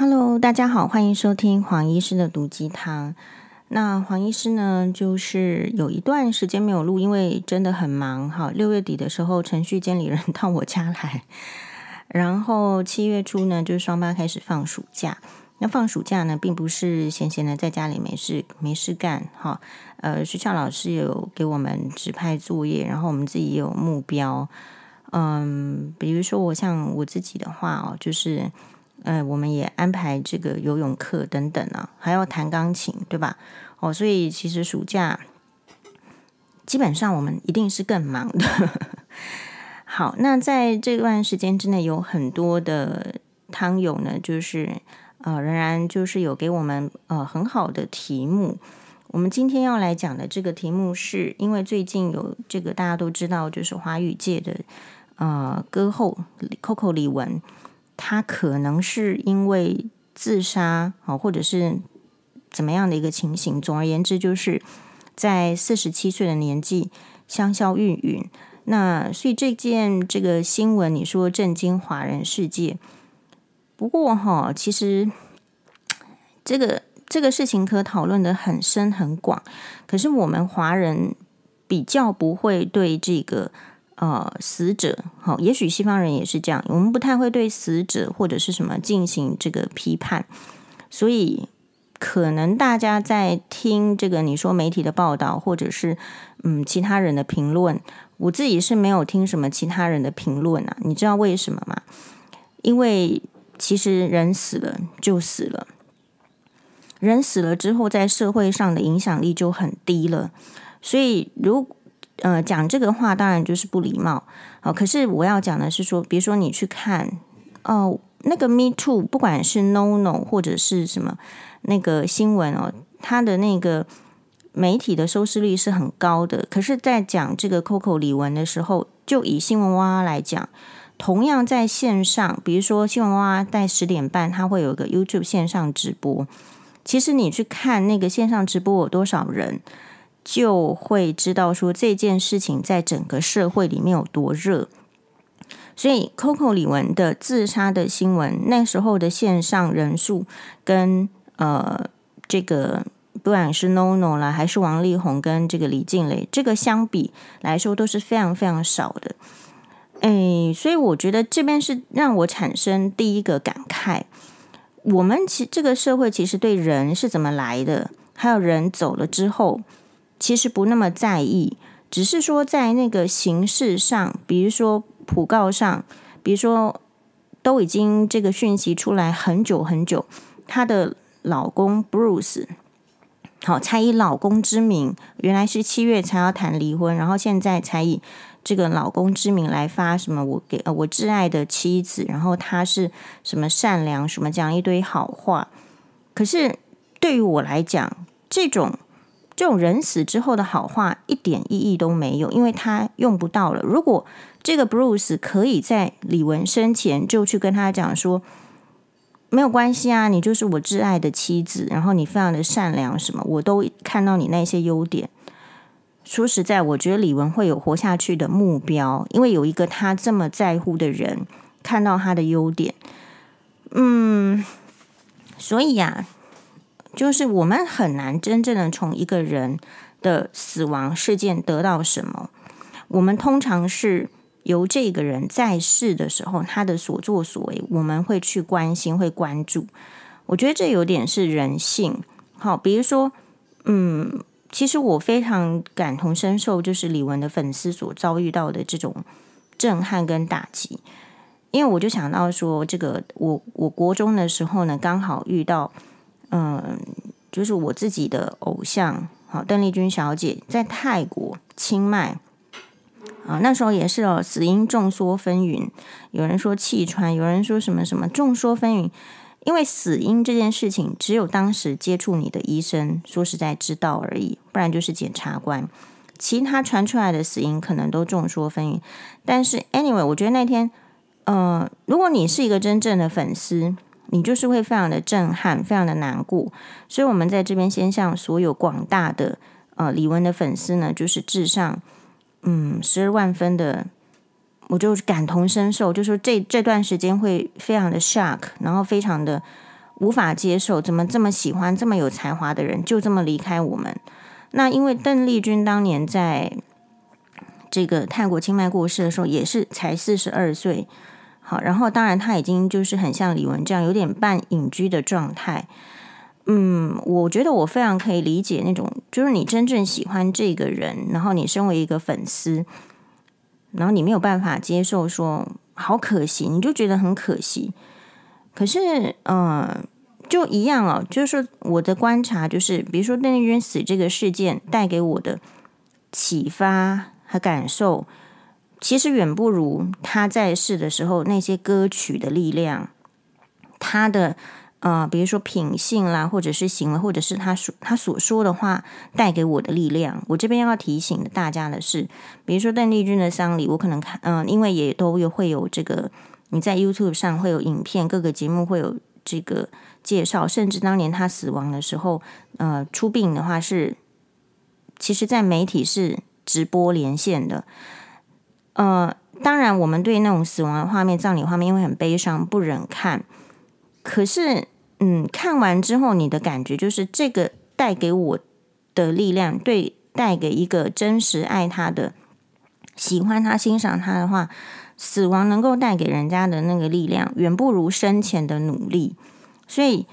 Hello，大家好，歡迎收聽黃醫師的毒雞湯。那黃醫師呢，就是有一段時間沒有錄，因為真的很忙哈。六月底的時候，程序監理人到我家來，然後七月初呢，就是雙八開始放暑假。那放暑假呢，並不是閒閒的在家裡沒事沒事幹哈。呃，學校老師有給我們指派作業，然後我們自己也有目標。嗯，比如說我像我自己的話哦，就是。嗯、呃，我們也安排這個游泳課等等啊，還要彈鋼琴，對吧？哦，所以其實暑假基本上我們一定是更忙的。 好，那在這段時間之內，有很多的湯友呢，就是呃，仍然就是有給我們呃很好的題目。我們今天要來講的這個題目是，是因為最近有這個大家都知道，就是華語界的呃歌后 Coco 李玟。他可能是因為自殺啊、哦，或者是怎麼樣的一個情形？總而言之，就是在四十七歲的年紀香消玉殞。那所以這件這個新聞，你說震驚華人世界。不過哈、哦，其實這個這個事情可討論的很深很廣。可是我們華人比較不會對這個。呃，死者好，也許西方人也是這樣，我們不太會對死者或者是什麼進行這個批判，所以可能大家在聽這個你說媒體的報道，或者是嗯其他人的評論，我自己是沒有聽什麼其他人的評論啊，你知道為什麼嗎？因為其實人死了就死了，人死了之後在社會上的影響力就很低了，所以如果。呃，講這個話當然就是不禮貌，哦。可是我要講的是說，比如說你去看哦，那個 Me Too，不管是 No No 或者是什麼那個新聞哦，它的那個媒體的收視率是很高的。可是，在講這個 Coco 李玟的時候，就以新聞蛙蛙來講，同樣在線上，比如說新聞蛙蛙在十點半，它會有一個 YouTube 線上直播。其實你去看那個線上直播有多少人？就會知道說這件事情在整個社會裡面有多熱。所以 Coco 李玟的自殺的新聞，那時候的線上人數跟呃這個不管是 Nono 啦，還是王力宏跟這個李靚蕾，這個相比來說都是非常非常少的。誒，所以我覺得這邊是讓我產生第一個感慨，我們其這個社會其實對人是怎麼來的，還有人走了之後。其實不那麼在意，只是說在那個形式上，比如說訃告上，比如說都已經這個訊息出來很久很久，她的老公 Bruce 好，才以老公之名，原來是七月才要談離婚，然後現在才以這個老公之名來發什麼我給、呃、我摯愛的妻子，然後她是什麼善良什麼講一堆好話，可是對於我來講，這種。這種人死之後的好話一點意義都沒有，因為他用不到了。如果這個 Bruce 可以在李玟生前就去跟他講說，沒有關係啊，你就是我摯愛的妻子，然後你非常的善良，什麼我都看到你那些優點。說實在，我覺得李玟會有活下去的目標，因為有一個他這麼在乎的人看到他的優點。嗯，所以呀、啊。就是我們很難真正的從一個人的死亡事件得到什麼。我們通常是由這個人在世的時候他的所作所為，我們會去關心，會關注。我覺得這有點是人性。好，比如說，嗯，其實我非常感同身受，就是李玟的粉絲所遭遇到的這種震撼跟打擊。因為我就想到說，這個我我國中的時候呢，剛好遇到。嗯，就是我自己的偶像，好，鄧麗君小姐在泰國清邁啊，那時候也是哦，死因眾說紛紜，有人說氣喘，有人說什麼什麼，眾說紛紜。因為死因這件事情，只有當時接觸你的醫生說實在知道而已，不然就是檢察官，其他傳出來的死因可能都眾說紛紜。但是 anyway，我覺得那天，呃，如果你是一個真正的粉絲。你就是會非常的震撼，非常的難過，所以我們在這邊先向所有廣大的呃李玟的粉絲呢，就是致上嗯十二萬分的，我就感同身受，就說這這段時間會非常的 shock，然後非常的無法接受，怎麼這麼喜歡、這麼有才華的人就這麼離開我們？那因為鄧麗君當年在這個泰國清邁過世的時候，也是才四十二歲。好，然後當然他已經就是很像李玟這樣有點半隱居的狀態。嗯，我覺得我非常可以理解那種，就是你真正喜歡這個人，然後你身為一個粉絲，然後你沒有辦法接受說，說好可惜，你就覺得很可惜。可是，嗯、呃，就一樣哦，就是說我的觀察，就是比如說鄧麗君死這個事件帶給我的啟發和感受。其實遠不如他在世的時候那些歌曲的力量，他的呃，比如說品性啦，或者是行為，或者是他說他所說的話帶給我的力量。我這邊要提醒大家的是，比如說鄧麗君的喪禮，我可能看，嗯、呃，因為也都有會有這個，你在 YouTube 上會有影片，各個節目會有這個介紹，甚至當年他死亡的時候，呃，出殯的話是，其實在媒體是直播連線的。呃，當然，我們對那種死亡的畫面、葬禮畫面，因為很悲傷，不忍看。可是，嗯，看完之後，你的感覺就是這個帶給我的力量，對，帶給一個真實愛他的、喜歡他、欣賞他的話，死亡能夠帶給人家的那個力量，遠不如生前的努力。所以，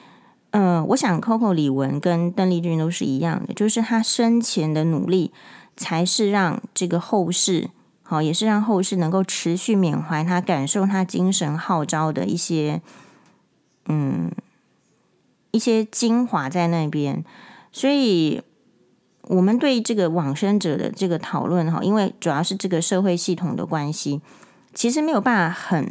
呃，我想 Coco 李玟跟鄧麗君都是一樣的，就是他生前的努力，才是讓這個後世。好，也是讓後世能夠持續緬懷他，感受他精神號召的一些，嗯，一些精華在那邊。所以，我們對這個往生者的這個討論，哈，因為主要是這個社會系統的關係，其實沒有辦法很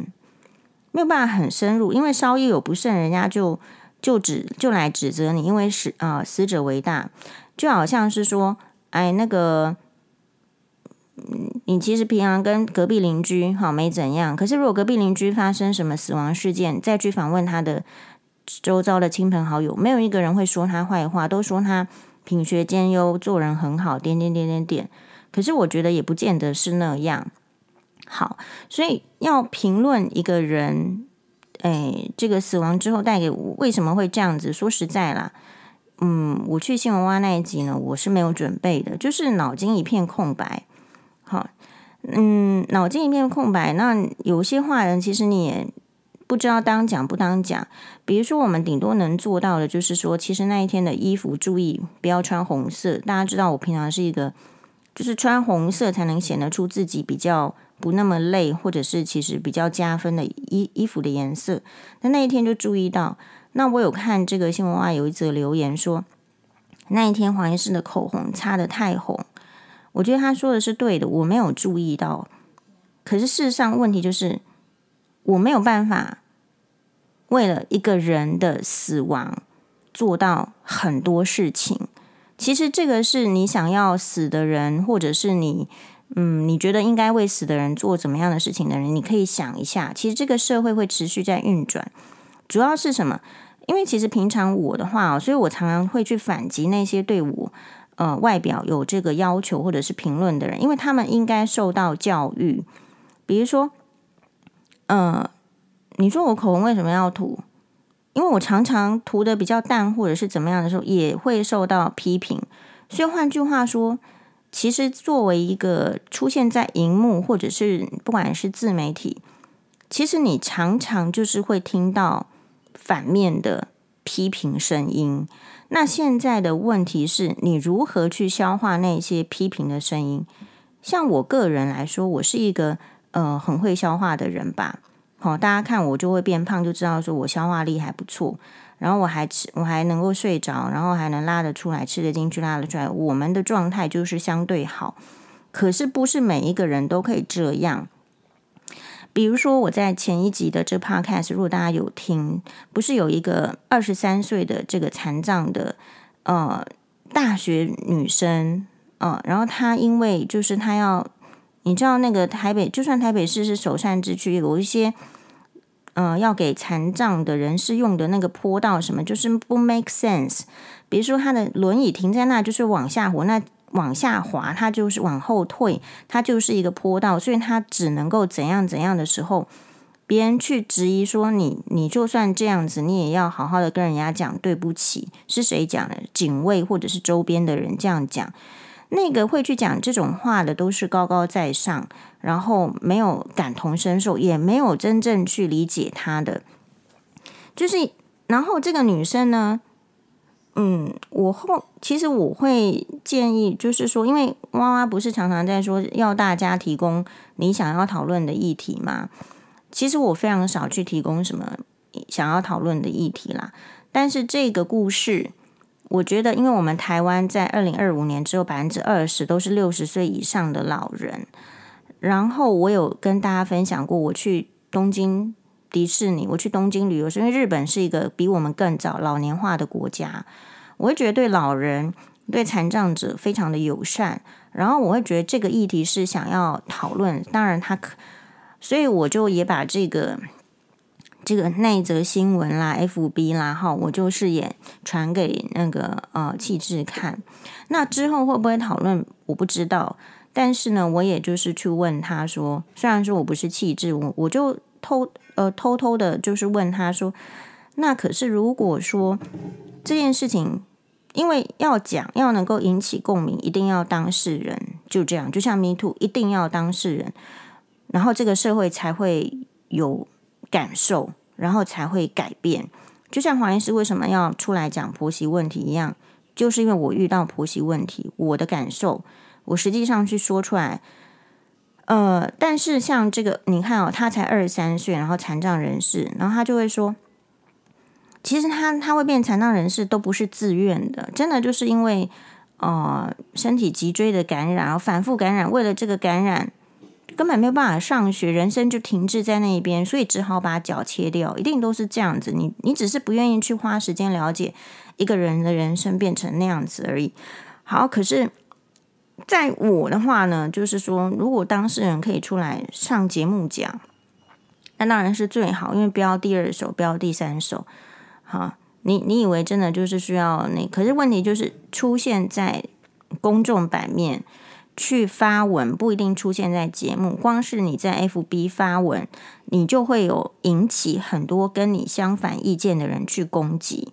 沒有辦法很深入，因為稍一有不慎，人家就就指就來指責你，因為死啊、呃、死者為大，就好像是說，哎，那個，嗯。你其實平常跟隔壁鄰居好沒怎樣，可是如果隔壁鄰居發生什麼死亡事件，再去訪問他的周遭的親朋好友，沒有一個人會說他壞話，都說他品學兼優，做人很好，點點點點點。可是我覺得也不見得是那樣好，所以要評論一個人，哎，這個死亡之後帶給我為什麼會這樣子？說實在啦，嗯，我去新聞挖那一集呢，我是沒有準備的，就是腦筋一片空白。嗯，腦筋一片空白。那有些話，人其實你也不知道當講不當講。比如說，我們頂多能做到的就是說，其實那一天的衣服，注意不要穿紅色。大家知道，我平常是一個，就是穿紅色才能顯得出自己比較不那麼累，或者是其實比較加分的衣衣服的顏色。那那一天就注意到，那我有看這個新聞外有一則留言說，那一天黃醫師的口紅擦得太紅。我覺得他說的是對的，我沒有注意到。可是事實上，問題就是我沒有辦法為了一個人的死亡做到很多事情。其實這個是你想要死的人，或者是你，嗯，你覺得應該為死的人做怎麼樣的事情的人，你可以想一下。其實這個社會會持續在運轉，主要是什麼？因為其實平常我的話，所以我常常會去反擊那些對我。呃，外表有這個要求或者是評論的人，因為他們應該受到教育。比如說，呃，你說我口紅為什麼要塗？因為我常常塗得比較淡，或者是怎麼樣的時候，也會受到批評。所以換句話說，其實作為一個出現在熒幕或者是不管是自媒體，其實你常常就是會聽到反面的批評聲音。那現在的問題是你如何去消化那些批評的聲音？像我個人來說，我是一個呃很會消化的人吧。好、哦，大家看我就會變胖，就知道說我消化力還不錯。然後我還吃，我還能夠睡着，然後還能拉得出來，吃得進去，拉得出來。我們的狀態就是相對好，可是不是每一個人都可以這樣。比如說，我在前一集的這 podcast，如果大家有聽，不是有一個二十三歲的這個殘障的呃大學女生，嗯、呃，然後她因為就是她要，你知道那個台北，就算台北市是首善之區，有一些嗯、呃、要給殘障的人士用的那個坡道什麼，就是不 make sense。比如說她的輪椅停在那，就是往下滑那。往下滑，它就是往後退，它就是一個坡道，所以他只能夠怎樣怎樣的時候，別人去質疑說，你你就算這樣子，你也要好好的跟人家講對不起，是誰講的？警衛或者是周邊的人這樣講，那個會去講這種話的都是高高在上，然後沒有感同身受，也沒有真正去理解他的，就是然後這個女生呢。嗯，我後其實我會建議，就是說，因為娃娃不是常常在說要大家提供你想要討論的議題嗎？其實我非常少去提供什麼想要討論的議題啦。但是這個故事，我覺得，因為我們台灣在二零二五年只有百分之二十都是六十歲以上的老人。然後我有跟大家分享過，我去東京。迪士尼，我去東京旅遊是因為日本是一個比我們更早老年化的國家，我會覺得對老人、對殘障者非常的友善。然後我會覺得這個議題是想要討論，當然他可，所以我就也把這個這個那則新聞啦、FB 啦，哈，我就是也傳給那個呃氣質看。那之後會不會討論，我不知道。但是呢，我也就是去問他說，雖然說我不是氣質，我我就偷。呃，偷偷的，就是問他說：“那可是如果說這件事情，因為要講，要能夠引起共鳴，一定要當事人就這樣，就像 Me Too，一定要當事人，然後這個社會才會有感受，然後才會改變。就像黃醫師為什麼要出來講婆媳問題一樣，就是因為我遇到婆媳問題，我的感受，我實際上去說出來。”呃，但是像這個，你看哦，他才二十三歲，然後殘障人士，然後他就會說，其實他他會變殘障人士都不是自願的，真的就是因為，呃，身體脊椎的感染，反覆感染，為了這個感染，根本沒有辦法上學，人生就停滯在那邊，所以只好把腳切掉，一定都是這樣子，你你只是不願意去花時間了解一個人的人生變成那樣子而已。好，可是。在我的話呢，就是說，如果當事人可以出來上節目講，那當然是最好，因為不要第二手，不要第三手。哈，你你以為真的就是需要那？可是問題就是出現在公眾版面去發文，不一定出現在節目。光是你在 FB 發文，你就會有引起很多跟你相反意見的人去攻擊。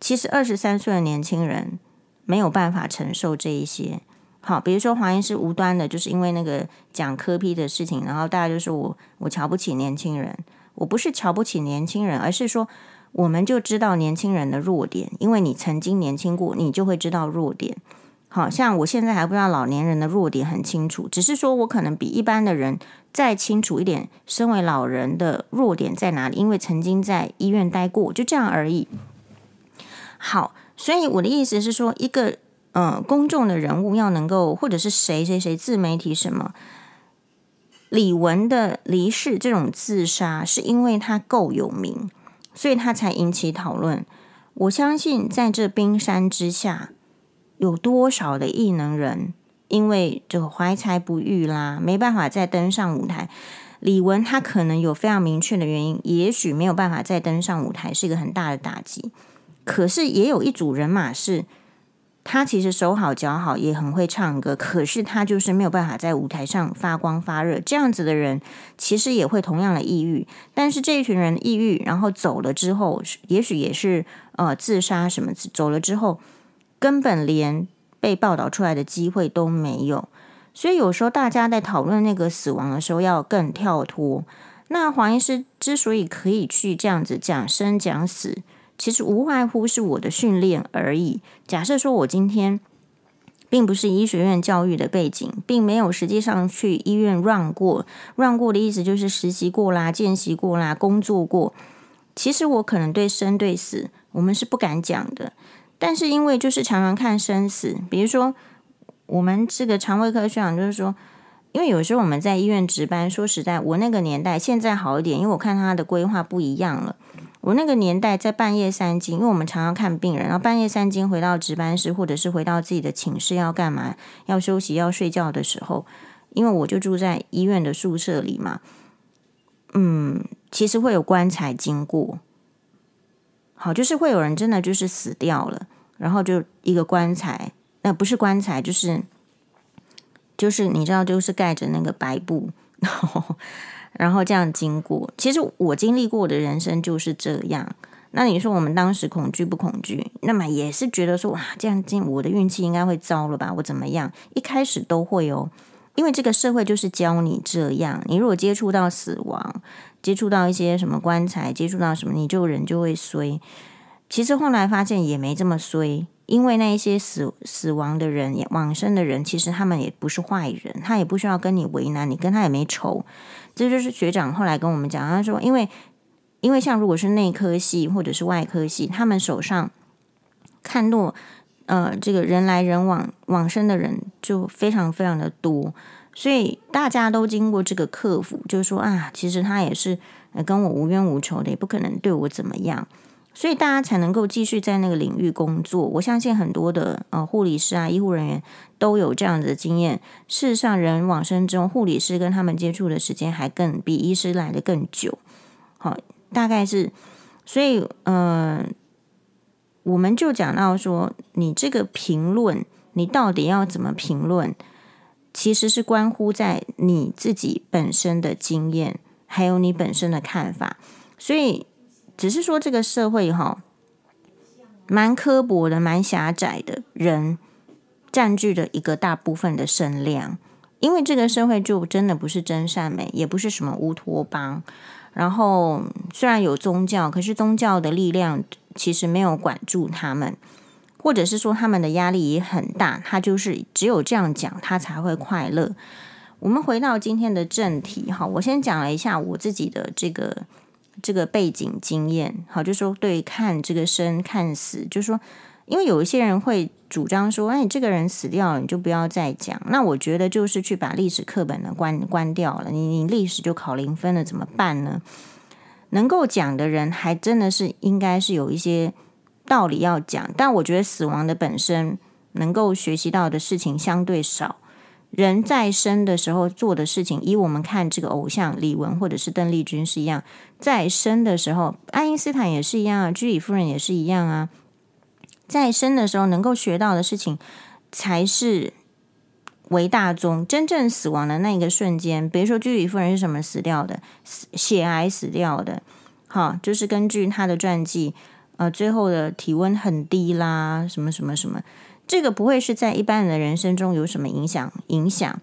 其實二十三歲的年輕人沒有辦法承受這一些。好，比如說黃醫師是無端的，就是因為那個講柯 P 的事情，然後大家就說我我瞧不起年輕人，我不是瞧不起年輕人，而是說我們就知道年輕人的弱點，因為你曾經年輕過，你就會知道弱點。好，像我現在還不知道老年人的弱點很清楚，只是說我可能比一般的人再清楚一點，身為老人的弱點在哪裡？因為曾經在醫院待過，就這樣而已。好，所以我的意思是說一個。嗯，公眾的人物要能夠，或者是誰誰誰，自媒體什麼？李玟的離世，這種自殺是因為他夠有名，所以他才引起討論。我相信在這冰山之下，有多少的藝能人，因為這個懷才不遇啦，沒辦法再登上舞台。李玟他可能有非常明確的原因，也許沒有辦法再登上舞台，是一個很大的打擊。可是也有一組人馬是，他其實手好腳好，也很會唱歌，可是他就是沒有辦法在舞台上發光發熱。這樣子的人其實也會同樣的抑鬱，但是這一群人的抑鬱，然後走了之後，也許也是呃自殺什麼，走了之後根本連被報道出來的機會都沒有。所以有時候大家在討論那個死亡的時候，要更跳脫。那黃醫師之所以可以去這樣子講生講死。其實無外乎是我的訓練而已。假設說我今天並不是醫學院教育的背景，並沒有實際上去醫院 run 過，run 過的意思就是實習過啦、見習過啦、工作過。其實我可能對生對死，我們是不敢講的。但是因為就是常常看生死，比如說我們這個腸胃科學長就是說，因為有時候我們在醫院值班，說實在，我那個年代現在好一點，因為我看他的規劃不一樣了。我那個年代在半夜三更，因為我們常常看病人，然後半夜三更回到值班室，或者是回到自己的寢室要幹嘛，要休息要睡覺的時候，因為我就住在醫院的宿舍裡嘛，嗯，其實會有棺材經過，好，就是會有人真的就是死掉了，然後就一個棺材，那不是棺材，就是就是你知道，就是蓋着那個白布，然後然後這樣經過，其實我經歷過的人生就是這樣。那你說我們當時恐懼不恐懼？那麼也是覺得說哇，這樣進我的運氣應該會糟了吧？我怎麼樣？一開始都會哦，因為這個社會就是教你這樣。你如果接觸到死亡，接觸到一些什麼棺材，接觸到什麼，你就人就會衰。其實後來發現也沒這麼衰，因為那一些死死亡的人，也往生的人，其實他們也不是壞人，他也不需要跟你為難，你跟他也沒仇。這就是學長後來跟我們講，他說，因為因為像如果是內科系或者是外科系，他們手上看落，呃，這個人來人往往生的人就非常非常的多，所以大家都經過這個克服，就說啊，其實他也是跟我無冤無仇的，也不可能對我怎麼樣。所以大家才能夠繼續在那個領域工作。我相信很多的呃護理師啊、醫護人員都有這樣子的經驗。事實上，人往生中，護理師跟他們接觸的時間還更比醫師來得更久。好，大概是。所以，嗯、呃，我們就講到說，你這個評論，你到底要怎麼評論，其實是關乎在你自己本身的經驗，還有你本身的看法。所以。只是說，這個社會哈，蠻刻薄的，蠻狹窄的，人佔據了一個大部分的聲量。因為這個社會就真的不是真善美，也不是什麼烏托邦。然後雖然有宗教，可是宗教的力量其實沒有管住他們，或者是說他們的壓力也很大。他就是只有這樣講，他才會快樂。我們回到今天的正題哈，我先講了一下我自己的這個。這個背景經驗，好，就說對看這個生看死，就說，因為有一些人會主張說，哎，這個人死掉了，你就不要再講。那我覺得就是去把歷史課本的關關掉了，你你歷史就考零分了，怎麼辦呢？能夠講的人，還真的是應該是有一些道理要講，但我覺得死亡的本身能夠學習到的事情相對少。人在生的時候做的事情，以我們看這個偶像李玟或者是鄧麗君是一樣，在生的時候，愛因斯坦也是一樣啊，居里夫人也是一樣啊，在生的時候能夠學到的事情才是為大宗。真正死亡的那一個瞬間，比如說居里夫人是什麼死掉的？死血癌死掉的，好，就是根據他的傳記，呃，最後的體溫很低啦，什麼什麼什麼。這個不會是在一般人的人生中有什麼影響，影響，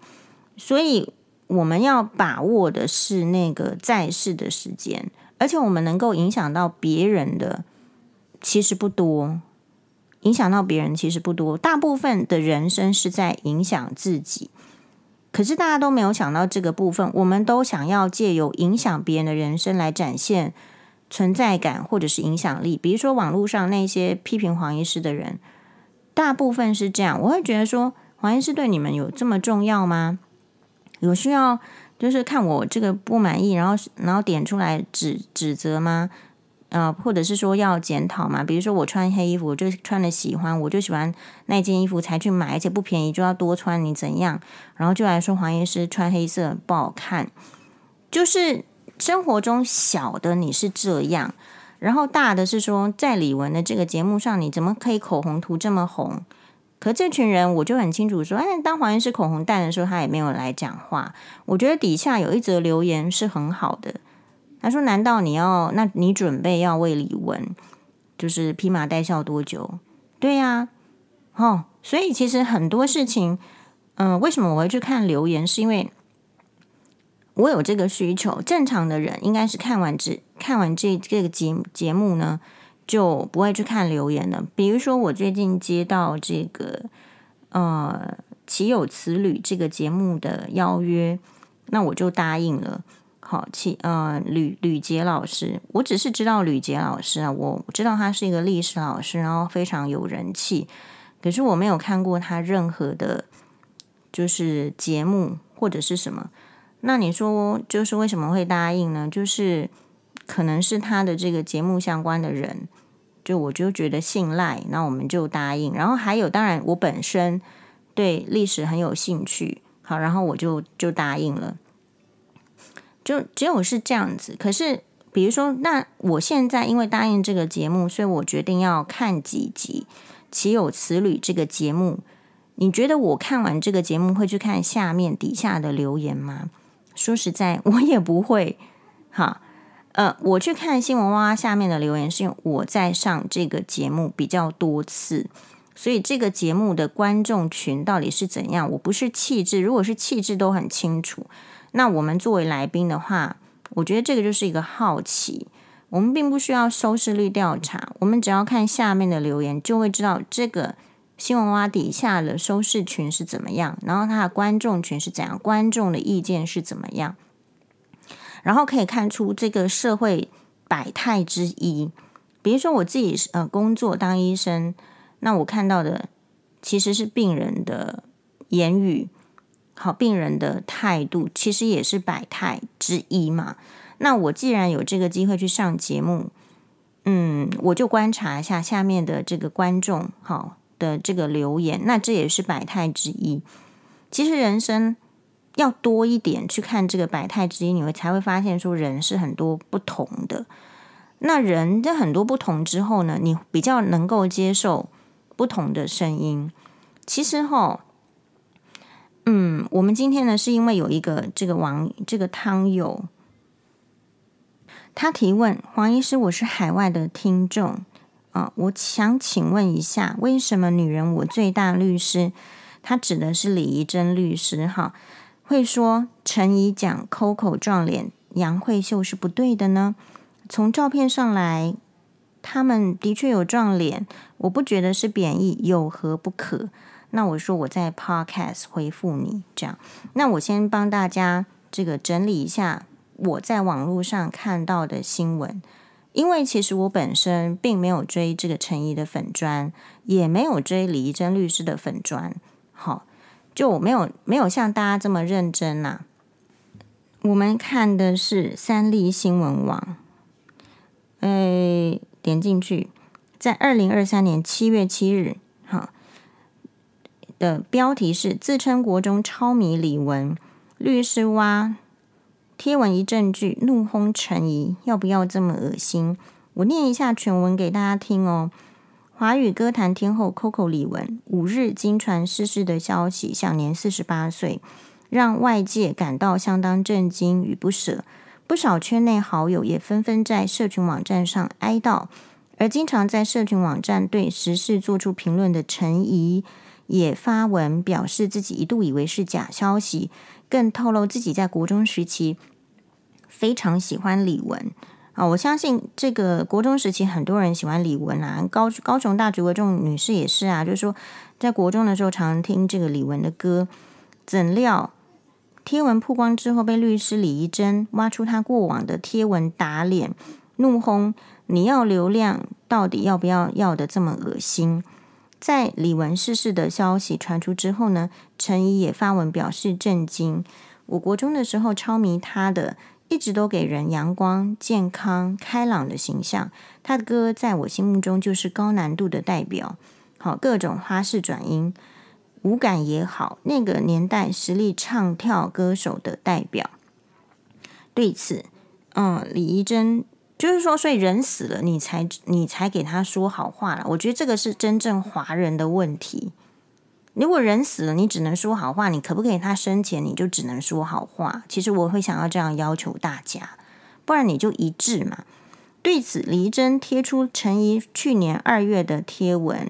所以我們要把握的是那個在世的時間，而且我們能夠影響到別人的其實不多，影響到別人其實不多。大部分的人生是在影響自己，可是大家都沒有想到這個部分，我們都想要借由影響別人的人生來展現存在感或者是影響力。比如說網絡上那些批評黃醫師的人。大部分是這樣，我會覺得說，黃醫師對你們有這麼重要嗎？有需要就是看我這個不滿意，然後然後點出來指指責嗎？呃，或者是說要檢討嗎？比如說我穿黑衣服，我就穿的喜歡，我就喜歡那件衣服才去買，而且不便宜就要多穿，你怎樣？然後就來說黃醫師穿黑色不好看，就是生活中小的你是這樣。然後大的是說，在李玟的這個節目上，你怎麼可以口紅塗這麼紅？可這群人我就很清楚說，哎，當黃醫師口紅淡的時候，他也沒有來講話。我覺得底下有一則留言是很好的，他說：“難道你要？那你準備要為李玟就是披麻戴孝多久？”對呀、啊，哦，所以其實很多事情，嗯、呃，為什麼我會去看留言？是因為。我有這個需求。正常的人應該是看完這看完這這個節節目呢，就不會去看留言了。比如說，我最近接到這個呃“豈有此呂”這個節目的邀約，那我就答應了。好，豈呃呂呂，呂捷老師，我只是知道呂捷老師啊，我知道他是一個歷史老師，然後非常有人氣，可是我沒有看過他任何的，就是節目或者是什麼。那你說就是為什麼會答應呢？就是可能是他的這個節目相關的人，就我就覺得信賴，那我們就答應。然後還有，當然我本身對歷史很有興趣，好，然後我就就答應了。就只有是這樣子。可是比如說，那我現在因為答應這個節目，所以我決定要看幾集《豈有此理》這個節目。你覺得我看完這個節目會去看下面底下的留言嗎？說實在，我也不會，哈，呃，我去看新聞哇哇，下面的留言，是因為我在上這個節目比較多次，所以這個節目的觀眾群到底是怎樣？我不是氣質，如果是氣質都很清楚，那我們作為來賓的話，我覺得這個就是一個好奇，我們並不需要收視率調查，我們只要看下面的留言就會知道這個。新聞挖挖哇底下的收視群是怎麼樣？然後他的觀眾群是怎樣？觀眾的意見是怎麼樣？然後可以看出這個社會百態之一。比如說我自己是呃工作當醫生，那我看到的其實是病人的言語，好，病人的態度，其實也是百態之一嘛。那我既然有這個機會去上節目，嗯，我就觀察一下下面的這個觀眾，好。的這個留言，那這也是百態之一。其實人生要多一點去看這個百態之一，你會才會發現說人是很多不同的。那人在很多不同之後呢，你比較能夠接受不同的聲音。其實哈，嗯，我們今天呢是因為有一個這個網這個湯友，他提問黃醫師，我是海外的聽眾。啊、呃，我想請問一下，為什麼女人我最大律師，她指的是李怡貞律師哈，會說陳沂講“ Coco 撞臉”楊慧秀是不對的呢？從照片上來，他們的確有撞臉，我不覺得是貶義，有何不可？那我說我在 Podcast 回復你這樣，那我先幫大家這個整理一下我在網絡上看到的新聞。因為其實我本身並沒有追這個陳沂的粉專，也沒有追李怡貞律師的粉專，好，就我沒有沒有像大家這麼認真啦、啊。我們看的是三立新聞網，哎，點進去，在二零二三年七月七日，哈，的標題是自稱國中超迷李玟律師挖。貼文一整句怒轟陳沂，要不要這麼惡心？我念一下全文給大家聽哦。華語歌壇天後 Coco 李玟五日驚傳逝世，世的消息，享年四十八歲，讓外界感到相當震驚與不捨。不少圈內好友也紛紛在社群網站上哀悼。而經常在社群網站對時事做出評論的陳沂，也發文表示自己一度以為是假消息，更透露自己在國中時期。非常喜歡李玟啊、哦！我相信這個國中時期很多人喜歡李玟啊。高高雄大橘的種女士也是啊，就是說在國中的時候常聽這個李玟的歌。怎料貼文曝光之後，被律師李怡貞挖出她過往的貼文，打臉怒轟：你要流量到底要不要？要的這麼噁心！在李玟逝世、世的消息傳出之後呢，陳沂也發文表示震驚：我國中的時候超迷她的。一直都給人陽光、健康、開朗的形象。他的歌，在我心目中就是高難度的代表，好各種花式轉音，舞感也好。那個年代實力唱跳歌手的代表。對此，嗯，李怡貞，就是說，所以人死了，你才你才給他說好話了。我覺得這個是真正華人的問題。如果人死了，你只能說好話。你可不可以他生前你就只能說好話？其實我會想要這樣要求大家，不然你就一致嘛。對此，李怡貞貼出陳沂去年二月的貼文。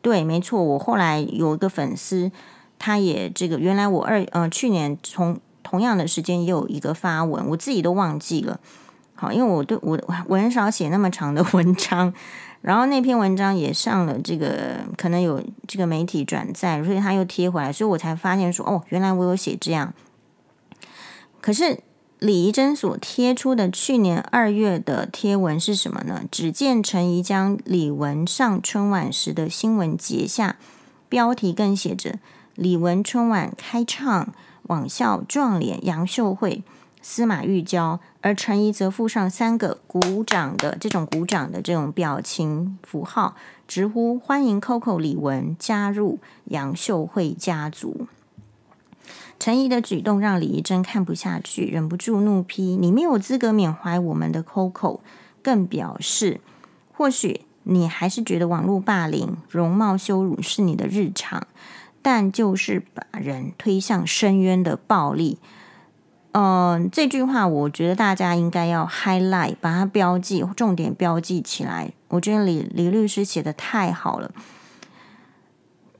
對，沒錯，我後來有一個粉絲，他也這個原來我二呃去年從同樣的時間也有一個發文，我自己都忘記了。好，因為我對我我很少寫那麼長的文章。然後那篇文章也上了這個，可能有這個媒體轉載，所以他又貼回來，所以我才發現說，哦，原來我有寫這樣。可是李怡貞所貼出的去年二月的貼文是什麼呢？只見陳沂將李玟上春晚時的新聞截下，標題更寫着“李玟春晚開唱，網笑撞臉楊秀惠”。司馬玉嬌，而陳沂則附上三個鼓掌的這種鼓掌的這種表情符號，直呼歡迎 Coco 李玟加入楊秀惠家族。陳沂的舉動讓李怡貞看不下去，忍不住怒批：“你沒有資格緬懷我們的 Coco。”更表示：“或許你還是覺得網絡霸凌、容貌羞辱是你的日常，但就是把人推向深淵的暴力。”嗯、呃，這句話我覺得大家應該要 highlight，把它標記、重點標記起來。我覺得李李律師寫得太好了。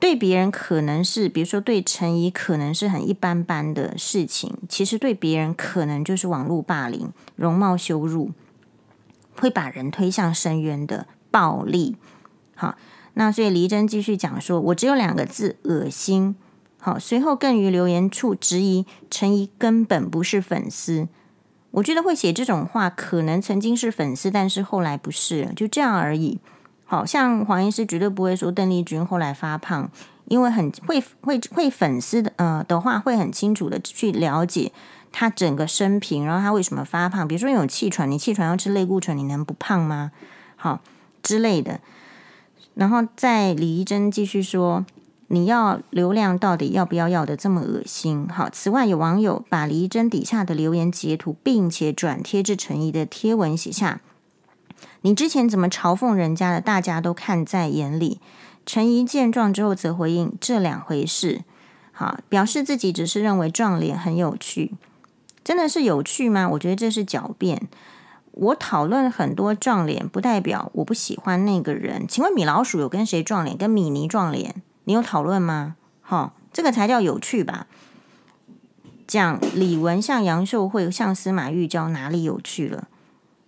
對別人可能是，比如說對陳沂，可能是很一般般的事情，其實對別人可能就是網絡霸凌、容貌羞辱，會把人推向深淵的暴力。好，那所以李怡貞繼續講說，我只有兩個字：噁心。好，隨後更於留言處質疑陳沂根本不是粉絲，我覺得會寫這種話，可能曾經是粉絲，但是後來不是，就這樣而已。好像黃醫師絕對不會說鄧麗君後來發胖，因為很會會會粉絲的呃的話，會很清楚的去了解她整個生平，然後她為什麼發胖，比如說有氣喘，你氣喘要吃類固醇，你能不胖嗎？好之類的。然後在李怡貞繼續說。你要流量到底要不要要得這麼惡心？好，此外有網友把李怡貞底下的留言截圖，並且轉貼至陳沂的貼文寫下：“你之前怎麼嘲諷人家的？大家都看在眼裡。”陳沂見狀之後則回應：“這兩回事，好，表示自己只是認為撞臉很有趣，真的是有趣嗎？我覺得這是狡辯。我討論很多撞臉，不代表我不喜歡那個人。請問米老鼠有跟誰撞臉？跟米妮撞臉？”你有討論嗎？好，這個才叫有趣吧。講李玟像楊秀慧，像司馬玉嬌哪裡有趣了？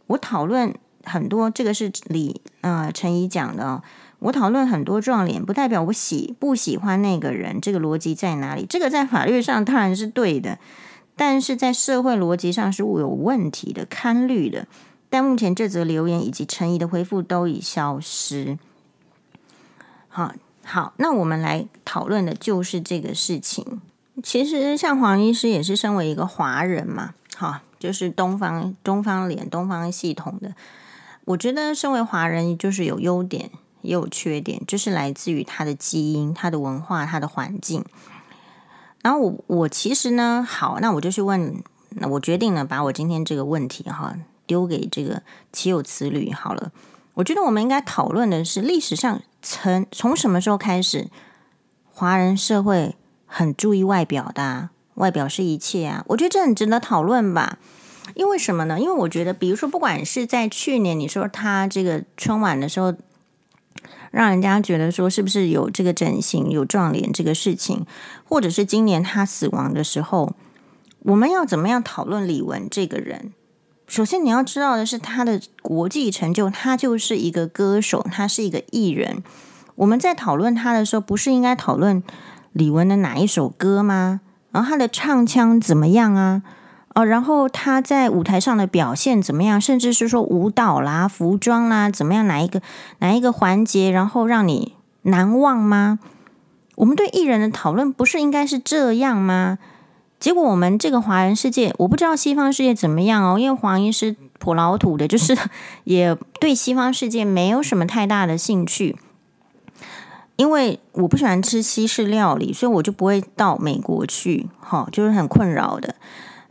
我討論很多，這個是李呃陳沂講的哦。我討論很多撞臉，不代表我喜不喜歡那個人。這個邏輯在哪裡？這個在法律上當然是對的，但是在社會邏輯上是有問題的、堪慮的。但目前這則留言以及陳沂的回復都已消失。好。好，那我們來討論的就是這個事情。其實，像黃醫師也是身為一個華人嘛，哈，就是東方東方臉、東方系統的。我覺得，身為華人就是有優點，也有缺點，就是來自於他的基因、他的文化、他的環境。然後我我其實呢，好，那我就去問，那我決定了把我今天這個問題哈丟給這個“豈有此理”好了。我覺得我們應該討論的是歷史上。從從什麼時候開始，華人社會很注意外表的、啊，外表是一切啊！我覺得這很值得討論吧？因為什麼呢？因為我覺得，比如說，不管是在去年你說他這個春晚的時候，讓人家覺得說是不是有這個整形、有撞臉這個事情，或者是今年他死亡的時候，我們要怎麼樣討論李玟這個人？首先，你要知道的是，他的國際成就，他就是一個歌手，他是一個藝人。我們在討論他的時候，不是應該討論李玟的哪一首歌嗎？然後他的唱腔怎麼樣啊？哦，然後他在舞台上的表現怎麼樣？甚至是說舞蹈啦、服裝啦怎麼樣？哪一個哪一個環節，然後讓你難忘嗎？我們對藝人的討論，不是應該是這樣嗎？結果我們這個華人世界，我不知道西方世界怎麼樣哦，因為黃醫師頗老土的，就是也對西方世界沒有什麼太大的興趣，因為我不喜歡吃西式料理，所以我就不會到美國去，好，就是很困擾的，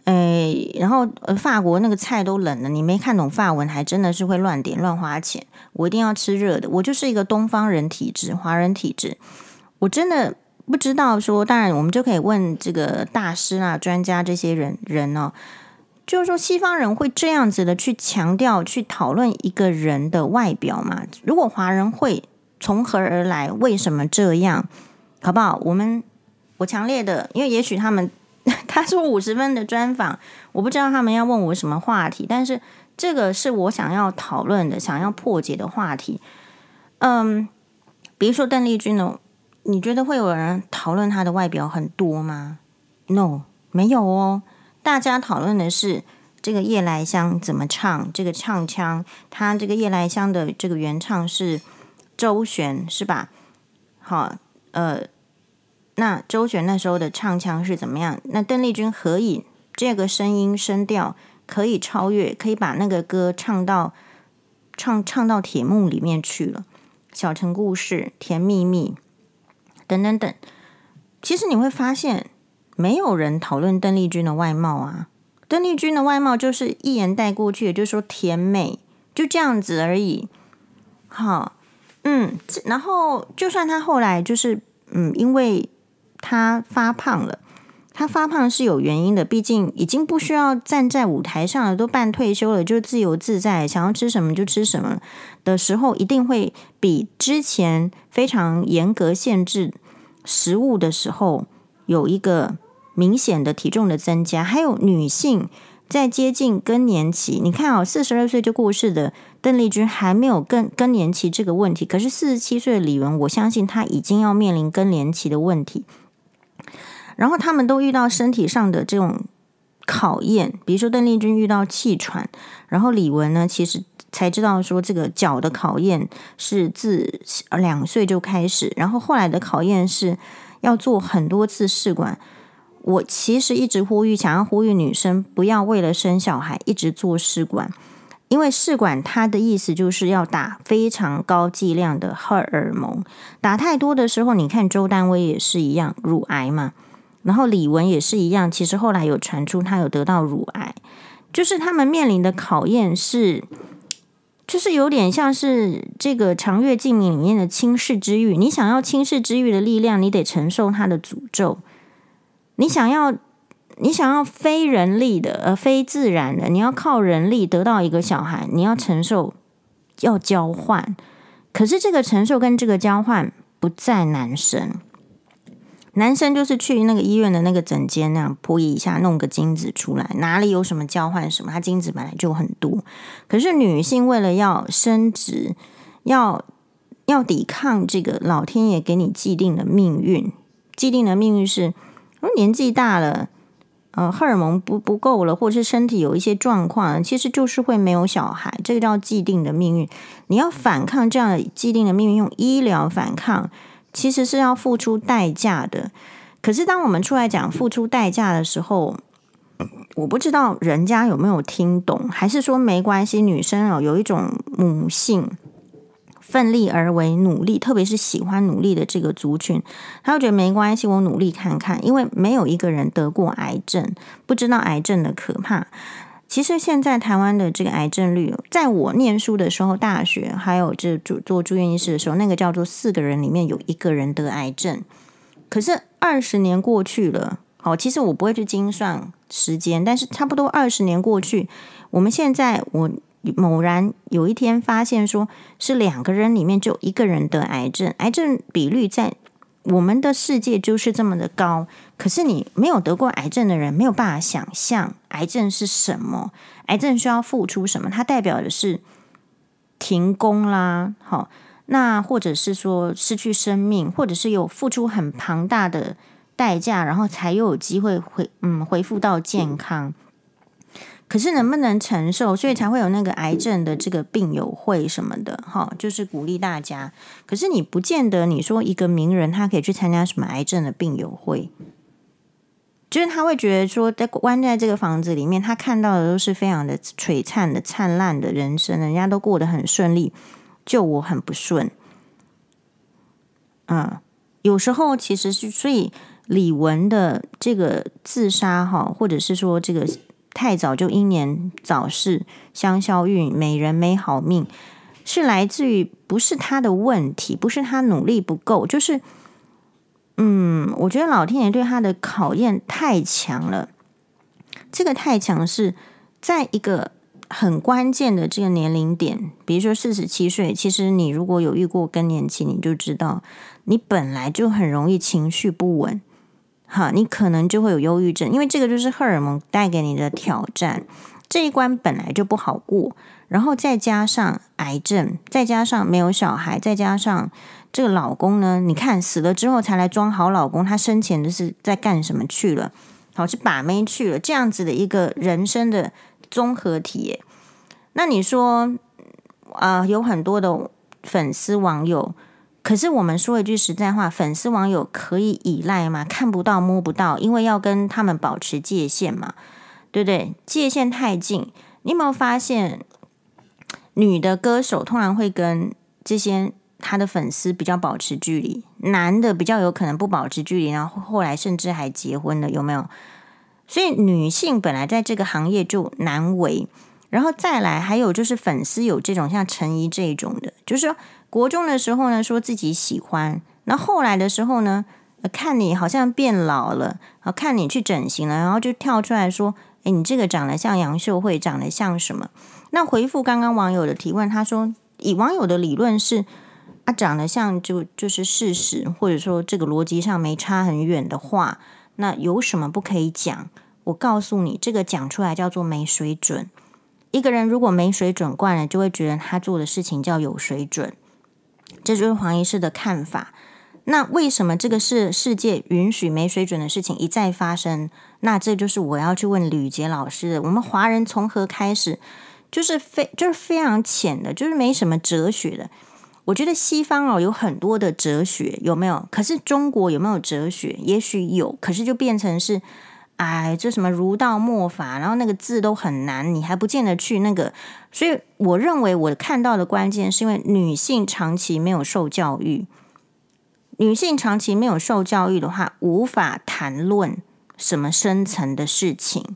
哎，然後法國那個菜都冷了，你沒看懂法文，還真的是會亂點亂花錢，我一定要吃熱的，我就是一個東方人體質，華人體質，我真的。不知道說，當然我們就可以問這個大師啊、專家這些人人哦，就是說西方人會這樣子的去強調、去討論一個人的外表嘛？如果華人會從何而來？為什麼這樣？好不好？我們我強烈的，因為也許他們他說五十分的專訪，我不知道他們要問我什麼話題，但是這個是我想要討論的、想要破解的話題。嗯，比如說鄧麗君呢？你覺得會有人討論他的外表很多嗎？No，沒有哦。大家討論的是這個《夜來香》怎麼唱，這個唱腔。他這個《夜來香》的這個原唱是周璇，是吧？好，呃，那周璇那時候的唱腔是怎麼樣？那鄧麗君何以這個聲音聲調可以超越，可以把那個歌唱到唱唱到鐵幕裡面去了，《小城故事》《甜蜜蜜》。等等等，其實你會發現，沒有人討論鄧麗君的外貌啊。鄧麗君的外貌就是一眼帶過去，也就是說甜美，就這樣子而已。好，嗯，然後就算她後來就是，嗯，因為她發胖了。他發胖是有原因的，畢竟已經不需要站在舞台上了，都半退休了，就自由自在，想要吃什麼就吃什麼的時候，一定會比之前非常嚴格限制食物的時候有一個明顯的體重的增加。還有女性在接近更年期，你看哦，四十二歲就過世的鄧麗君還沒有更更年期這個問題，可是四十七歲的李玟，我相信她已經要面臨更年期的問題。然後他們都遇到身體上的這種考驗，比如說鄧麗君遇到氣喘，然後李玟呢，其實才知道說這個腳的考驗是自兩歲就開始，然後後來的考驗是要做很多次試管。我其實一直呼籲，想要呼籲女生不要為了生小孩一直做試管，因為試管它的意思就是要打非常高劑量的荷爾蒙，打太多的時候，你看周丹薇也是一樣，乳癌嘛。然後李玟也是一樣，其實後來有傳出他有得到乳癌，就是他們面臨的考驗是，就是有點像是這個《長月燼明》裡面的輕視之欲。你想要輕視之欲的力量，你得承受他的詛咒；你想要你想要非人力的，而、呃、非自然的，你要靠人力得到一個小孩，你要承受，要交換。可是這個承受跟這個交換不再男生。男生就是去那個醫院的那個診間那樣剖一下弄個精子出來，哪裡有什麼交換什麼？他精子本來就很多。可是女性為了要生殖，要要抵抗這個老天爺給你既定的命運，既定的命運是，嗯，年紀大了，呃，荷爾蒙不不夠了，或者是身體有一些狀況，其實就是會沒有小孩。這個叫既定的命運，你要反抗這樣的既定的命運，用醫療反抗，其實是要付出代價的，可是當我們出來講付出代價的時候，我不知道人家有沒有聽懂，還是說沒關係？女生哦，有一種母性，奮力而為，努力，特別是喜歡努力的這個族群，她會覺得沒關係，我努力看看，因為沒有一個人得過癌症，不知道癌症的可怕。其實現在臺灣的這個癌症率，在我念書的時候，大學還有這住做住院醫師的時候，那個叫做四個人裡面有一個人得癌症。可是二十年過去了，好，其實我不會去精算時間，但是差不多二十年過去，我們現在我猛然有一天發現說，是兩個人裡面就一個人得癌症，癌症比率在我們的世界就是這麼的高。可是你沒有得過癌症的人沒有辦法想象。癌症是什麼？癌症需要付出什麼？它代表的是停工啦，好，那或者是說失去生命，或者是有付出很龐大的代價，然後才又有機會回，嗯，恢復到健康。嗯、可是能不能承受？所以才會有那個癌症的這個病友會什麼的，哈，就是鼓勵大家。可是你不見得，你說一個名人，他可以去參加什麼癌症的病友會？就是他會覺得說，在關在這個房子裡面，他看到的都是非常的璀璨的、燦爛的人生，人家都過得很順利，就我很不順。嗯，有時候其實是所以李玟的這個自殺哈，或者是說這個太早就英年早逝、香消玉殞，美人沒好命，是來自於不是他的問題，不是他努力不夠，就是。嗯，我覺得老天爺對他的考驗太強了，這個太強是在一個很關鍵的這個年齡點，比如說四十七歲，其實你如果有遇過更年期，你就知道你本來就很容易情緒不穩，哈，你可能就會有憂鬱症，因為這個就是荷爾蒙帶給你的挑戰，這一關本來就不好過，然後再加上癌症，再加上沒有小孩，再加上。這個老公呢？你看死了之後才來裝好老公，他生前就是在幹什麼去了？好是把妹去了，這樣子的一個人生的綜合體。那你說啊、呃，有很多的粉絲網友，可是我們說一句實在話，粉絲網友可以依賴嗎？看不到摸不到，因為要跟他們保持界限嘛，對不對？界限太近，你有沒有發現女的歌手通常會跟這些？他的粉絲比較保持距離，男的比較有可能不保持距離，然後後來甚至還結婚了，有沒有？所以女性本來在這個行業就難為，然後再來還有就是粉絲有這種像陳沂這種的，就是說國中的時候呢說自己喜歡，那後來的時候呢看你好像變老了，啊看你去整形了，然後就跳出來說，哎，你這個長得像楊秀慧，長得像什麼？那回復剛剛網友的提問，他說以網友的理論是。他、啊、長得像就就是事實，或者說這個邏輯上沒差很遠的話，那有什麼不可以講？我告訴你，這個講出來叫做沒水準。一個人如果沒水準慣了，就會覺得他做的事情叫有水準。這就是黃醫師的看法。那為什麼這個是世界允許沒水準的事情一再發生？那這就是我要去問呂捷老師的。我們華人從何開始？就是非就是非常淺的，就是沒什麼哲學的。我覺得西方哦有很多的哲學有沒有？可是中國有沒有哲學？也許有，可是就變成是，哎，這什麼儒道墨法，然後那個字都很難，你還不見得去那個。所以我認為我看到的關鍵是因為女性長期沒有受教育，女性長期沒有受教育的話，無法談論什麼深層的事情。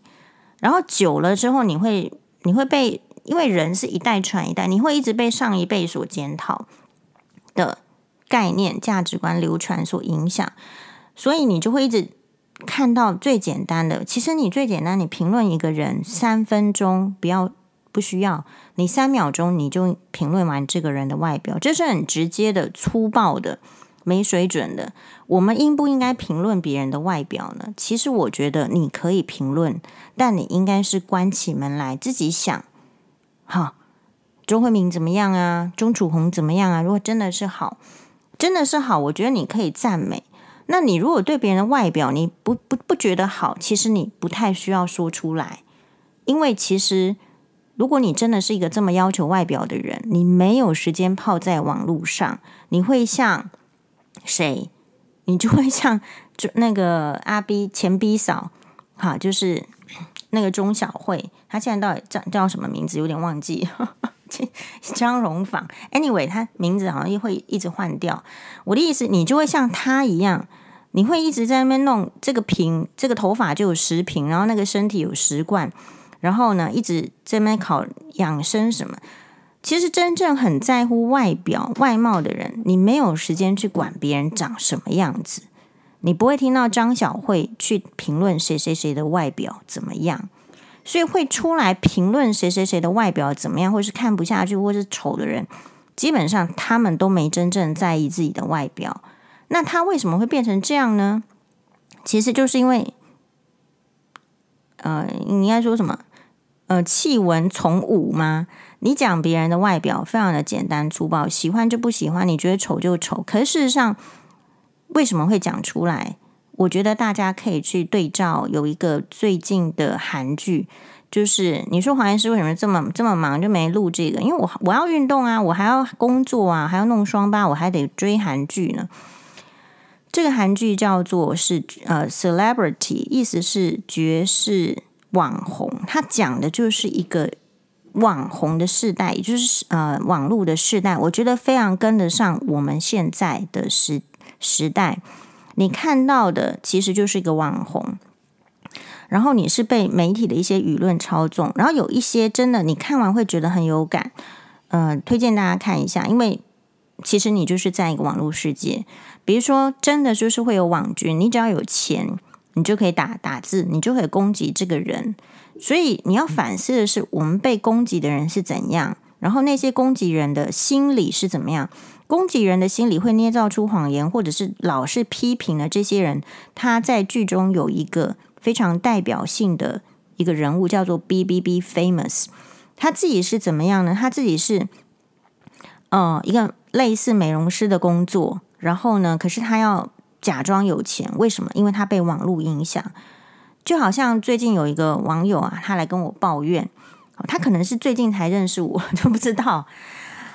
然後久了之後，你會你會被，因為人是一代傳一代，你會一直被上一輩所檢討的概念、價值觀流傳所影響，所以你就會一直看到最簡單的。其實你最簡單，你評論一個人三分鐘，不要不需要，你三秒鐘你就評論完這個人的外表，這是很直接的、粗暴的、沒水準的。我們應不應該評論別人的外表呢？其實我覺得你可以評論，但你應該是關起門來自己想。好。周慧敏怎麼樣啊？鍾楚紅怎麼樣啊？如果真的是好，真的是好，我覺得你可以讚美。那你如果對別人的外表你不不不覺得好，其實你不太需要說出來，因為其實如果你真的是一個這麼要求外表的人，你沒有時間泡在網絡上，你會像誰？你就會像就那個阿 B 前 B 嫂，哈，就是那個鍾小慧，她現在到底叫叫什麼名字？有點忘記。呵呵 張榮芳，anyway，他名字好像會一直換掉。我的意思，你就會像他一樣，你會一直在那邊弄這個瓶，這個頭髮就有十瓶，然後那個身體有十罐，然後呢，一直在那邊考養生什麼。其實真正很在乎外表外貌的人，你沒有時間去管別人長什麼樣子，你不會聽到張小慧去評論誰誰誰的外表怎麼樣。所以會出來評論誰誰誰的外表怎麼樣，或是看不下去，或是醜的人，基本上他們都沒真正在意自己的外表。那他為什麼會變成這樣呢？其實就是因為，呃，你應該說什麼？呃，棄文從武嗎？你講別人的外表非常的簡單粗暴，喜歡就不喜歡，你覺得醜就醜。可事實上，為什麼會講出來？我覺得大家可以去對照有一個最近的韓劇，就是你說黃律師為什麼這麼這麼忙就沒錄這個？因為我我要運動啊，我還要工作啊，還要弄雙八，我還得追韓劇呢。這個韓劇叫做是呃，Celebrity，意思是絕世網紅。他講的就是一個網紅的世代，也就是呃，網絡的世代。我覺得非常跟得上我們現在的時時代。你看到的其實就是一個網紅，然後你是被媒體的一些輿論操縱，然後有一些真的你看完會覺得很有感，呃，推薦大家看一下，因為其實你就是在一個網絡世界，比如說真的就是會有網軍，你只要有錢，你就可以打打字，你就可以攻擊這個人，所以你要反思的是我們被攻擊的人是怎樣，然後那些攻擊人的心理是怎麼樣。攻擊人的心理會捏造出謊言，或者是老是批評了這些人，他在劇中有一個非常代表性的一個人物，叫做 BBB Famous。他自己是怎麼樣呢？他自己是，呃，一個類似美容師的工作。然後呢，可是他要假裝有錢，為什麼？因為他被網絡影響。就好像最近有一個網友啊，他來跟我抱怨，他可能是最近才認識我，我都不知道，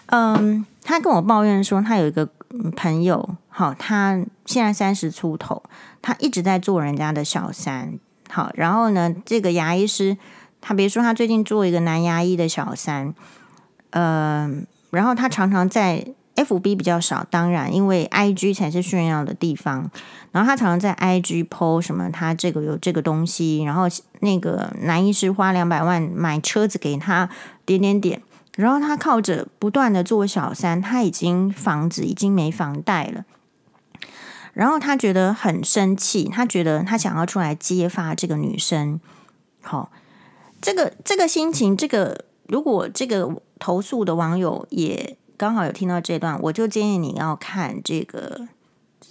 嗯。他跟我抱怨說，他有一個朋友，好，他現在三十出頭，他一直在做人家的小三，好，然後呢，這個牙醫師，他比如說他最近做一個男牙醫的小三，嗯、呃、然後他常常在 F B 比較少，當然，因為 I G 才是炫耀的地方，然後他常常在 I G 剖什麼，他這個有這個東西，然後那個男醫師花兩百萬買車子給他，點點點。然後他靠着不斷的做小三，他已經房子已經沒房貸了。然後他覺得很生氣，他覺得他想要出來揭發這個女生。好，這個這個心情，這個如果這個投訴的網友也剛好有聽到這段，我就建議你要看這個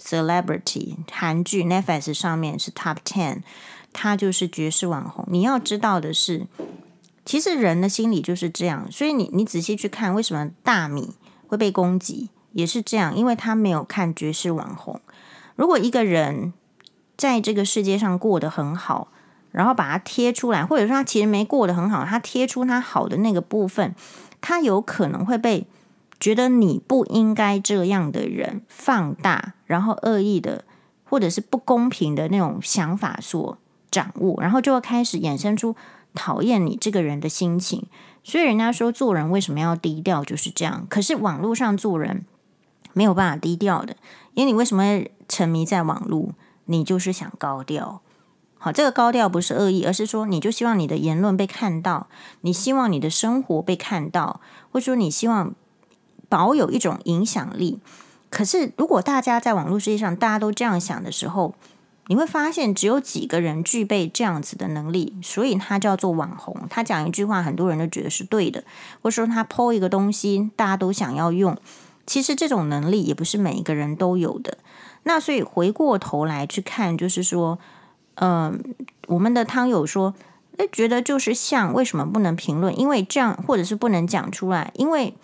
《Celebrity》韓劇 Netflix 上面是 Top Ten，他就是絕世網紅。你要知道的是。其實人的心理就是這樣，所以你你仔細去看，為什麼大米會被攻擊，也是這樣，因為他沒有看絕世網紅。如果一個人在這個世界上過得很好，然後把他貼出來，或者說他其實沒過得很好，他貼出他好的那個部分，他有可能會被覺得你不應該這樣的人放大，然後惡意的或者是不公平的那種想法所掌握，然後就會開始衍生出。討厭你這個人的心情，所以人家說做人為什麼要低調，就是這樣。可是網絡上做人沒有辦法低調的，因為你為什麼沉迷在網絡？你就是想高調。好，這個高調不是惡意，而是說你就希望你的言論被看到，你希望你的生活被看到，或者說你希望保有一種影響力。可是如果大家在網絡世界上大家都這樣想的時候，你會發現，只有幾個人具備這樣子的能力，所以他叫做網紅。他講一句話，很多人都覺得是對的，或者說他拋一個東西，大家都想要用。其實這種能力也不是每一個人都有的。那所以回過頭來去看，就是說，嗯、呃，我們的湯友說，那覺得就是像為什麼不能評論？因為這樣或者是不能講出來？因為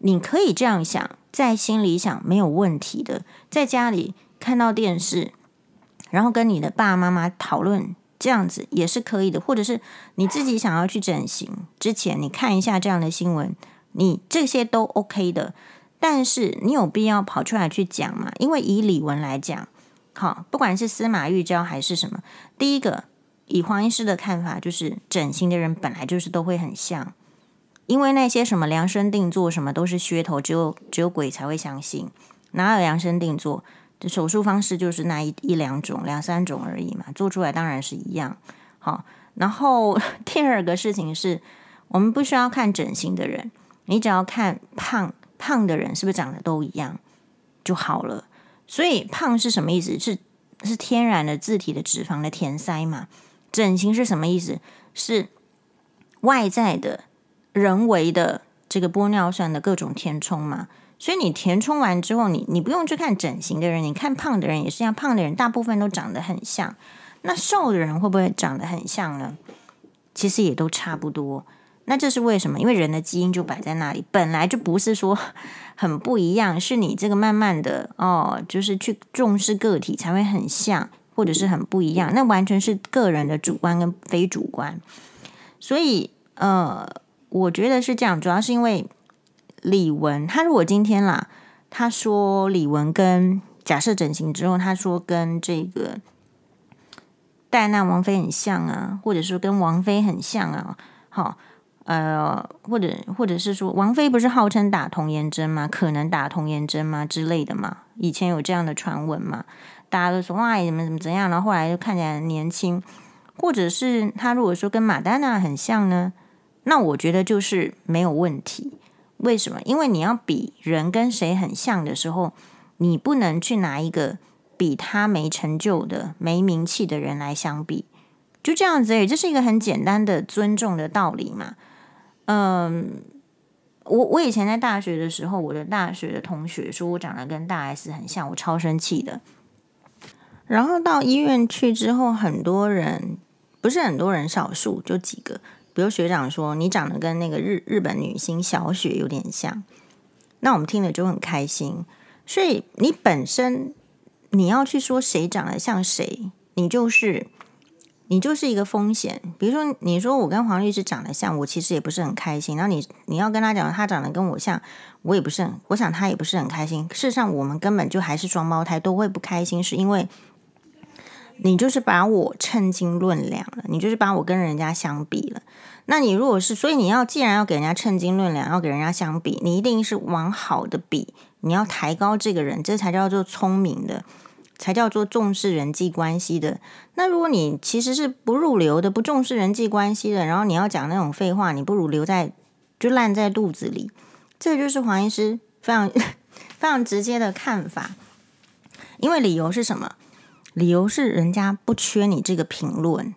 你可以這樣想，在心裡想沒有問題的，在家裡看到電視。然後跟你的爸爸媽媽討論，這樣子也是可以的，或者是你自己想要去整形之前，你看一下這樣的新聞，你這些都 OK 的。但是你有必要跑出來去講嗎？因為以李玟來講，好，不管是司馬玉嬌還是什麼，第一個，以黃醫師的看法，就是整形的人本來就是都會很像，因為那些什麼量身定做什麼都是噱頭，只有只有鬼才會相信，哪有量身定做？手術方式就是那一一兩種、兩三種而已嘛，做出來當然是一樣。好，然後第二個事情是我們不需要看整形的人，你只要看胖胖的人是不是長得都一樣就好了。所以胖是什麼意思？是是天然的自體的脂肪的填塞嘛？整形是什麼意思？是外在的人為的這個玻尿酸的各種填充嘛？所以你填充完之後，你你不用去看整形的人，你看胖的人也是一樣，胖的人大部分都長得很像。那瘦的人會不會長得很像呢？其實也都差不多。那這是為什麼？因為人的基因就擺在那裡，本來就不是說很不一樣，是你這個慢慢的哦，就是去重視個體才會很像，或者是很不一樣。那完全是個人的主觀跟非主觀。所以呃，我覺得是這樣，主要是因為。李玟，他如果今天啦，他說李玟跟假設整形之後，他說跟這個戴安娜王妃很像啊，或者說跟王菲很像啊，好，呃，或者或者是說王菲不是號稱打童顏針嗎？可能打童顏針嗎之類的嘛？以前有這樣的傳聞嘛？大家都說哇，怎麼怎麼怎樣，然後後來就看起來很年輕，或者是他如果說跟馬丹娜很像呢，那我覺得就是沒有問題。為什麼？因為你要比人跟誰很像的時候，你不能去拿一個比他沒成就的、沒名氣的人來相比。就這樣子，這是一個很簡單的尊重的道理嘛。嗯，我我以前在大學的時候，我的大學的同學說我長得跟大 S 很像，我超生氣的。然後到醫院去之後，很多人不是很多人，少數就幾個。比如學長說，你長得跟那個日日本女星小雪有點像，那我們聽了就很開心。所以你本身你要去說誰長得像誰，你就是你就是一個風險。比如說你說我跟黃律師長得像，我其實也不是很開心。那你你要跟他講他長得跟我像，我也不是很，我想他也不是很開心。事實上我們根本就還是雙胞胎，都會不開心，是因為。你就是把我稱斤論兩了，你就是把我跟人家相比了。那你如果是，所以你要既然要給人家稱斤論兩，要給人家相比，你一定是往好的比，你要抬高這個人，這才叫做聰明的，才叫做重視人際關係的。那如果你其實是不入流的，不重視人際關係的，然後你要講那種廢話，你不如留在，就爛在肚子裡。這個就是黃醫師非常非常直接的看法，因為理由是什麼？理由是人家不缺你這個評論，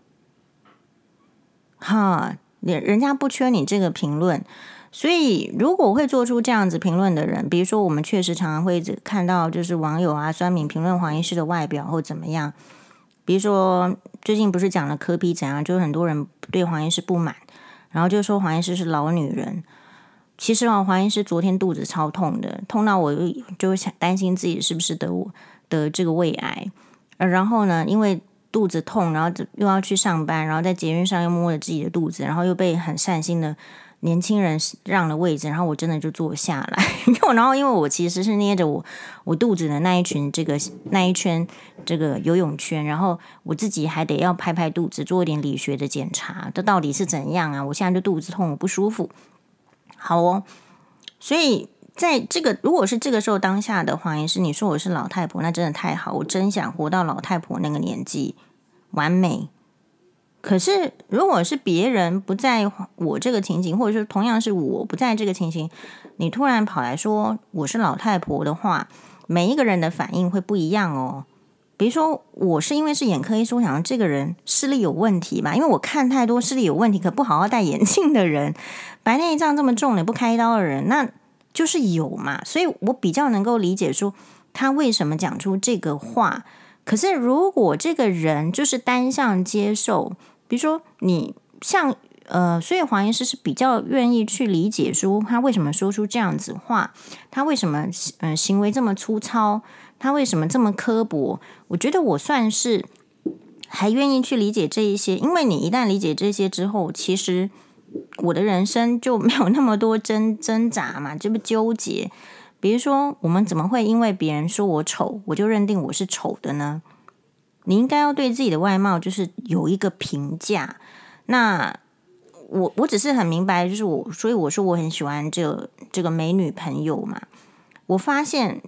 哈，人人家不缺你這個評論，所以如果會做出這樣子評論的人，比如說我們確實常常會看到，就是網友啊、酸民評論黃醫師的外表或怎麼樣。比如說最近不是講了科比怎樣，就很多人對黃醫師不滿，然後就說黃醫師是老女人。其實啊，黃醫師昨天肚子超痛的，痛到我就想擔心自己是不是得我得這個胃癌。然後呢？因為肚子痛，然後又要去上班，然後在捷運上又摸着自己的肚子，然後又被很善心的年輕人讓了位置，然後我真的就坐下來。 然後因為我其實是捏着我我肚子的那一群，這個那一圈這個游泳圈，然後我自己還得要拍拍肚子，做一點理學的檢查，這到底是怎樣啊？我現在就肚子痛，我不舒服。好哦，所以。在這個如果是這個時候當下的話，也是你說我是老太婆，那真的太好，我真想活到老太婆那個年紀，完美。可是如果是別人不在我這個情景，或者說同樣是我不在這個情形，你突然跑來說我是老太婆的話，每一個人的反應會不一樣哦。比如說我是因為是眼科醫生，我想這個人視力有問題吧，因為我看太多視力有問題可不好好戴眼鏡的人，白內障這麼重你不開刀的人，那就是有嘛，所以我比較能夠理解說他為什麼講出這個話。可是如果這個人就是單向接受，比如說你像呃，所以黃醫師是比較願意去理解說他為什麼說出這樣子話，他為什麼嗯、呃、行為這麼粗糙，他為什麼這麼刻薄？我覺得我算是還願意去理解這一些，因為你一旦理解這些之後，其實。我的人生就沒有那麼多掙掙扎嘛，這不糾結。比如說，我們怎麼會因為別人說我醜，我就認定我是醜的呢？你應該要對自己的外貌就是有一個評價。那我我只是很明白，就是我，所以我說我很喜歡這個、這個美女朋友嘛。我發現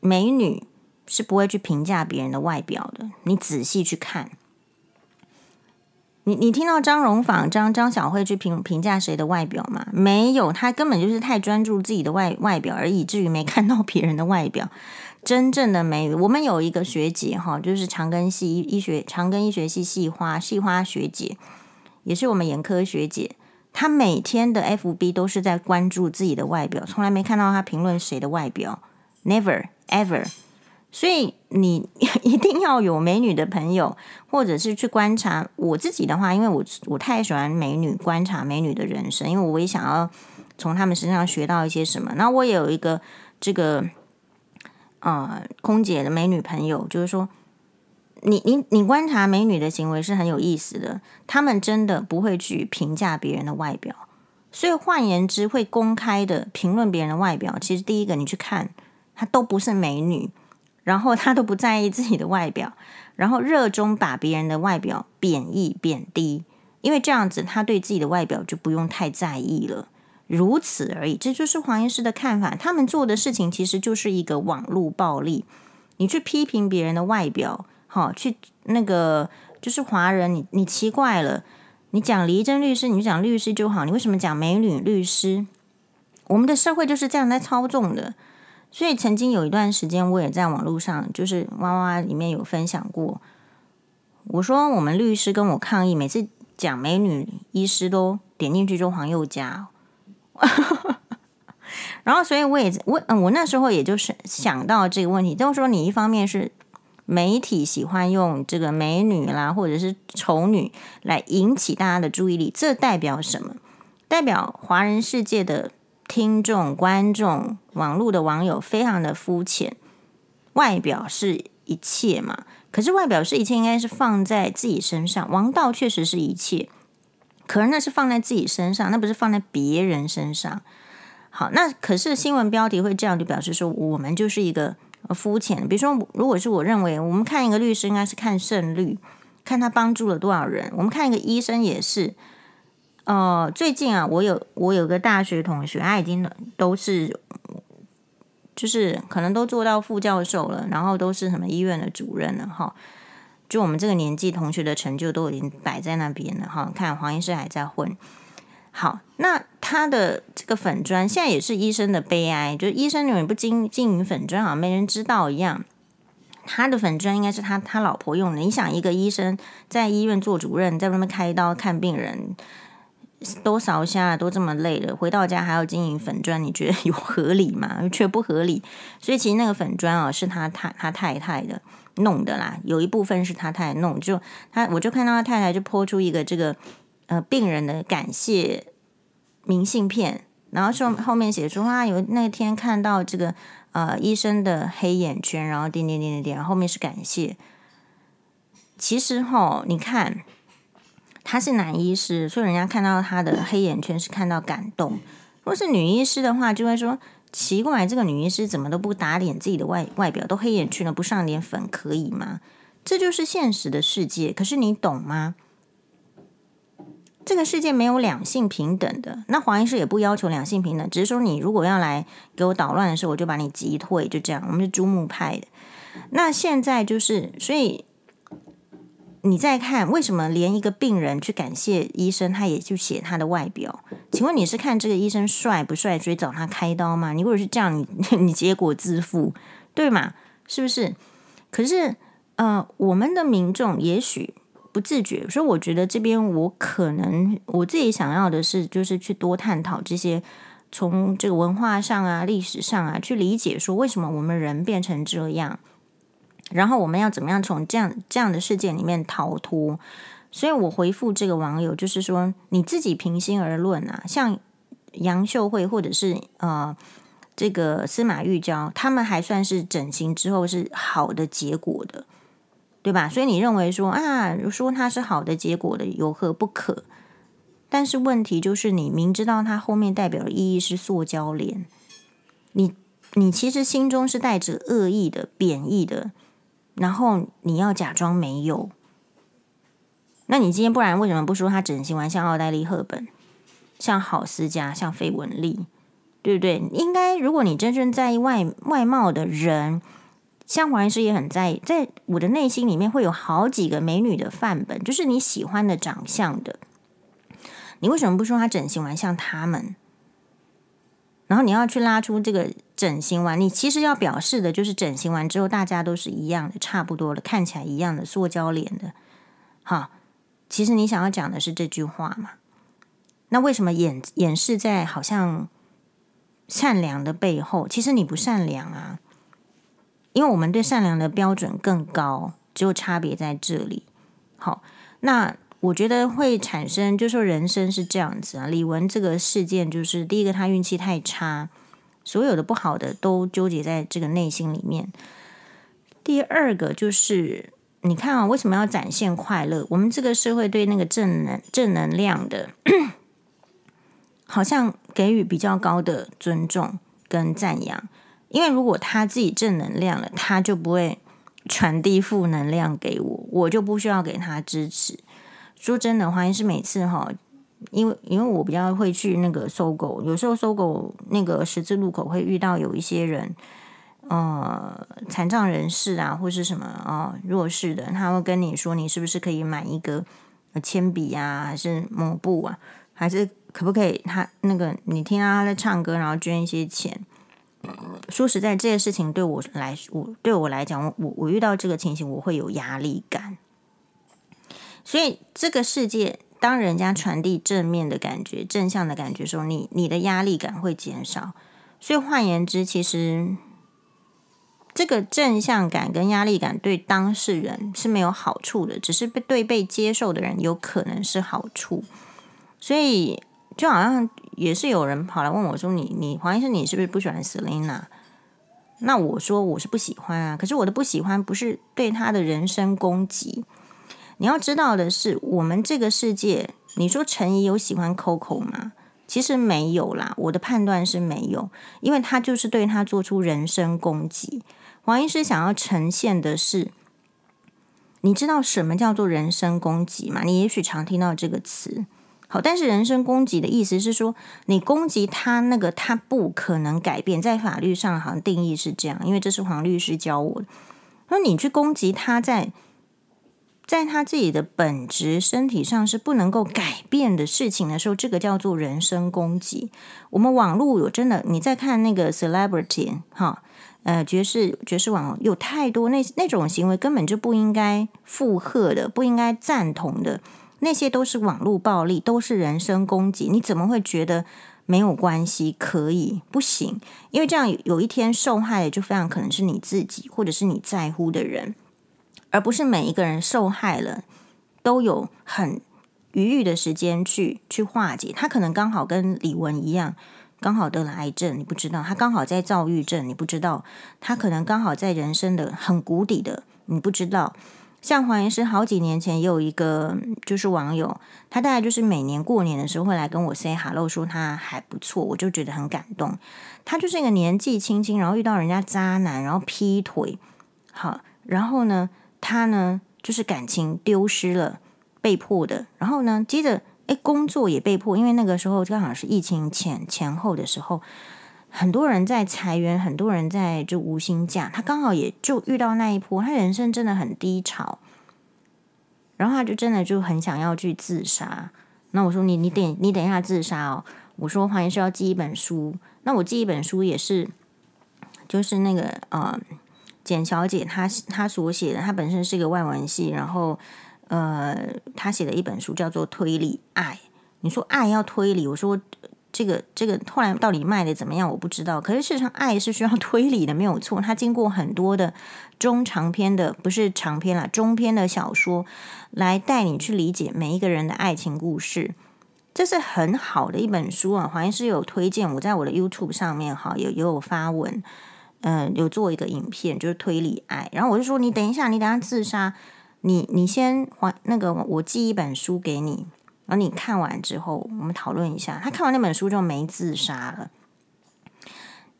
美女是不會去評價別人的外表的。你仔細去看，你你聽到張榮仿張張小慧去評評價誰的外表嗎？沒有，她根本就是太專注自己的外外表，而以至於沒看到別人的外表。真正的美，我們有一個學姐哈，就是長庚系醫醫學長庚醫學系系花系花學姐，也是我們眼科學姐。她每天的 FB 都是在關注自己的外表，從來沒看到她評論誰的外表，Never, ever。所以你一定要有美女的朋友，或者是去觀察我自己的話，因為我我太喜歡美女，觀察美女的人生，因為我也想要從他們身上學到一些什麼。那我也有一個這個呃空姐的美女朋友，就是說，你你你觀察美女的行為是很有意思的，他們真的不會去評價別人的外表，所以換言之，會公開的評論別人的外表，其實第一個你去看，她都不是美女。然後他都不在意自己的外表，然後熱衷把別人的外表貶義貶低，因為這樣子他對自己的外表就不用太在意了，如此而已。這就是黃醫師的看法，他們做的事情其實就是一個網絡暴力。你去批評別人的外表，好，去那個就是華人，你你奇怪了，你講李怡貞律師，你就講律師就好，你為什麼講美女律師？我們的社會就是這樣在操縱的。所以曾經有一段時間，我也在網絡上就是哇哇裡面有分享過，我說我們律師跟我抗議，每次講美女醫師都點進去就黃宥嘉， 然後所以我也我、呃、我那時候也就是想到這個問題，就是說你一方面是媒體喜歡用這個美女啦或者是醜女來引起大家的注意力，這代表什麼？代表華人世界的。聽眾、觀眾、網絡的網友非常的膚淺，外表是一切嘛？可是外表是一切，應該是放在自己身上。王道確實是一切，可是那是放在自己身上，那不是放在別人身上。好，那可是新聞標題會這樣就表示說，我們就是一個膚淺。比如說，如果是我認為，我們看一個律師應該是看勝率，看他幫助了多少人；我們看一個醫生也是。哦、呃，最近啊，我有我有個大學同學，他、啊、已經都是，就是可能都做到副教授了，然後都是什麼醫院的主任了哈。就我們這個年紀同學的成就都已經擺在那邊了哈。看黃醫師還在混，好，那他的這個粉專現在也是醫生的悲哀，就是醫生你不經經營粉專，好像沒人知道一樣。他的粉專應該是他他老婆用的。你想，一個醫生在醫院做主任，在外面開刀看病人，都掃下都這麼累了，回到家還要經營粉專，你覺得有合理嗎？卻不合理，所以其實那個粉專啊、哦，是他他他太太的弄的啦，有一部分是他太太弄的，就他我就看到他太太就 PO 出一個這個呃病人的感謝明信片，然後說後面寫出啊，有那天看到這個呃醫生的黑眼圈，然後點點點點點，後面是感謝。其實哈、哦，你看。他是男醫師，所以人家看到他的黑眼圈是看到感動。如果是女醫師的話，就會說奇怪，這個女醫師怎麼都不打點自己的外外表，都黑眼圈了，不上點粉可以嗎？這就是現實的世界。可是你懂嗎？這個世界沒有兩性平等的。那黃醫師也不要求兩性平等，只是說你如果要來給我搗亂的時候，我就把你擊退，就這樣。我們是珠穆派的。那現在就是，所以。你再看為什麼連一個病人去感謝醫生，他也就寫他的外表？請問你是看這個醫生帥不帥，所以找他開刀嗎？你或者是這樣，你你結果自負，對嗎？是不是？可是，呃，我們的民眾也許不自覺，所以我覺得這邊我可能我自己想要的是，就是去多探討這些，從這個文化上啊、歷史上啊，去理解說為什麼我們人變成這樣。然後我們要怎麼樣從這樣這樣的事件裡面逃脫？所以我回復這個網友就是說，你自己平心而論啊，像楊秀慧或者是呃這個司馬玉嬌，他們還算是整形之後是好的結果的，對吧？所以你認為說啊，說他是好的結果的有何不可？但是問題就是你明知道他後面代表的意義是塑膠臉，你你其實心中是帶着惡意的、貶義的。然後你要假裝沒有？那你今天不然為什麼不說他整形完像奧黛麗·赫本、像郝思嘉、像費雯麗，對不對？應該如果你真正在意外外貌的人，像黃醫師也很在意，在我的內心裡面會有好幾個美女的範本，就是你喜歡的長相的。你為什麼不說他整形完像他們？然後你要去拉出這個整形完，你其實要表示的就是整形完之後大家都是一樣的，差不多的，看起來一樣的塑膠臉的，好，其實你想要講的是這句話嘛？那為什麼掩掩飾在好像善良的背後，其實你不善良啊？因為我們對善良的標準更高，只有差別在這裡。好，那。我覺得會產生，就是、說人生是這樣子啊。李玟這個事件，就是第一個，他運氣太差，所有的不好的都糾結在這個內心裡面。第二個就是，你看啊、哦，為什麼要展現快樂？我們這個社會對那個正能正能量的， 好像給予比較高的尊重跟讚揚。因為如果他自己正能量了，他就不會傳遞負能量給我，我就不需要給他支持。說真的，好像是每次哈，因為因為我比較會去那個搜狗，有時候搜狗那個十字路口會遇到有一些人，呃，殘障人士啊，或是什麼啊、哦，弱勢的，他會跟你說，你是不是可以買一個鉛筆啊，還是抹布啊，還是可不可以他？他那個你聽他在唱歌，然後捐一些錢。呃、說實在，這些事情對我來說，我對我來講，我我遇到這個情形，我會有壓力感。所以，這個世界，當人家傳遞正面的感覺、正向的感覺的時候，你你的壓力感會減少。所以，換言之，其實這個正向感跟壓力感對當事人是沒有好處的，只是被對被接受的人有可能是好處。所以，就好像也是有人跑來問我說：“你你黃醫生，你是不是不喜歡 Selina？”、啊、那我說：“我是不喜歡啊，可是我的不喜歡不是對他的人身攻擊。”你要知道的是，我們這個世界，你說陳沂有喜歡 Coco 嗎？其實沒有啦，我的判斷是沒有，因為他就是對他做出人身攻擊。黃律師想要呈現的是，你知道什麼叫做人身攻擊嗎？你也許常聽到這個詞，好，但是人身攻擊的意思是說，你攻擊他那個，他不可能改變，在法律上，好像定義是這樣，因為這是黃律師教我的。那你去攻擊他在。在他自己的本質、身體上是不能夠改變的事情的時候，這個叫做人身攻擊。我們網絡有真的，你在看那個 celebrity 哈，呃，爵士爵士網有太多那那種行為，根本就不應該附和的，不應該贊同的，那些都是網絡暴力，都是人身攻擊。你怎麼會覺得沒有關係？可以，不行，因為這樣有一天受害的就非常可能是你自己，或者是你在乎的人。而不是每一個人受害了都有很餘裕的時間去去化解。他可能剛好跟李玟一樣，剛好得了癌症，你不知道；他剛好在躁鬱症，你不知道；他可能剛好在人生的很谷底的，你不知道。像黃醫師好幾年前也有一個就是網友，他大概就是每年過年的時候會來跟我 say hello，說他還不錯，我就覺得很感動。他就是一個年紀輕輕，然後遇到人家渣男，然後劈腿，好，然後呢？他呢，就是感情丟失了，被迫的。然後呢，接着哎，工作也被迫，因為那個時候剛好是疫情前前後的時候，很多人在裁員，很多人在就無薪假。他剛好也就遇到那一波，他人生真的很低潮。然後他就真的就很想要去自殺。那我說，你你等你等一下自殺哦。我說，黃岩是要寄一本書，那我寄一本書也是，就是那個嗯。呃簡小姐她，她她所寫的，她本身是一個外文系，然後，呃，她寫的一本書叫做《推理愛》。你說愛要推理，我說這個這個，後來到底賣的怎麼樣，我不知道。可是事實上，愛是需要推理的，沒有錯。它經過很多的中長篇的，不是長篇了，中篇的小說來帶你去理解每一個人的愛情故事，這是很好的一本書啊。好像是有推薦，我在我的 YouTube 上面哈，也也有，有發文。嗯、呃，有做一個影片，就是推理愛。然後我就說，你等一下，你等一下自殺，你你先還那個，我寄一本書給你。然後你看完之後，我們討論一下。他看完那本書就沒自殺了。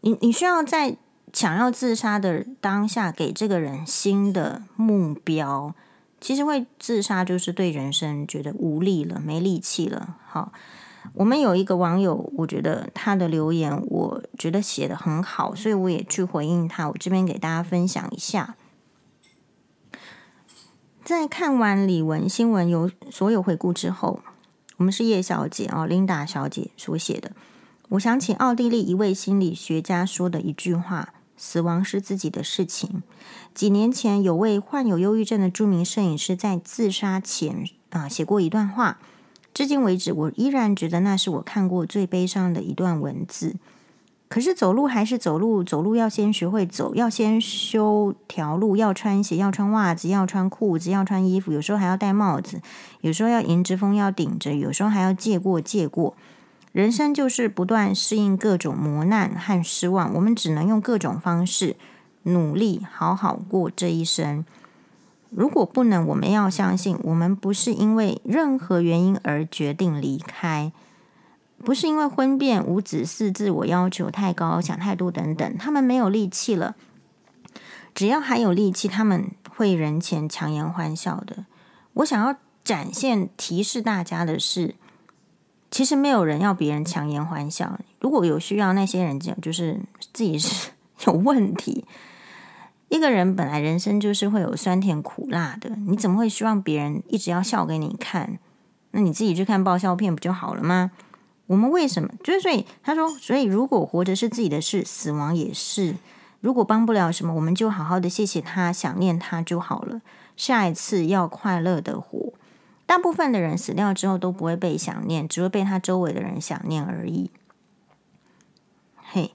你你需要在想要自殺的當下，給這個人新的目標。其實會自殺就是對人生覺得無力了，沒力氣了，好。我們有一個網友，我覺得他的留言，我覺得寫得很好，所以我也去回應他。我這邊給大家分享一下，在看完李玟新聞有所有回顧之後，我們是葉小姐啊，哦，Linda 小姐所寫的。我想起奧地利一位心理學家說的一句話：“死亡是自己的事情。”幾年前，有位患有憂鬱症的著名攝影師在自殺前啊，呃，寫過一段話。至今為止，我依然覺得那是我看過最悲傷的一段文字。可是走路還是走路，走路要先學會走，要先修條路，要穿鞋，要穿襪子，要穿褲子，要穿衣服，有時候還要戴帽子，有時候要迎着風，要頂着，有時候還要借過借過。人生就是不斷適應各種磨難和失望，我們只能用各種方式努力，好好過這一生。如果不能，我們要相信，我們不是因為任何原因而決定離開，不是因為婚變、無子嗣、自我要求太高、想太多等等，他們沒有力氣了。只要還有力氣，他們會人前強顏歡笑的。我想要展現、提示大家的是，其實沒有人要別人強顏歡笑。如果有需要，那些人就是自己是有問題。一個人本來人生就是會有酸甜苦辣的，你怎麼會希望別人一直要笑給你看？那你自己去看爆笑片不就好了嗎？我們為什麼？就是所以他說，所以如果活着是自己的事，死亡也是。如果幫不了什麼，我們就好好的謝謝他，想念他就好了。下一次要快樂的活。大部分的人死掉之後都不會被想念，只會被他周圍的人想念而已。嘿，Hey，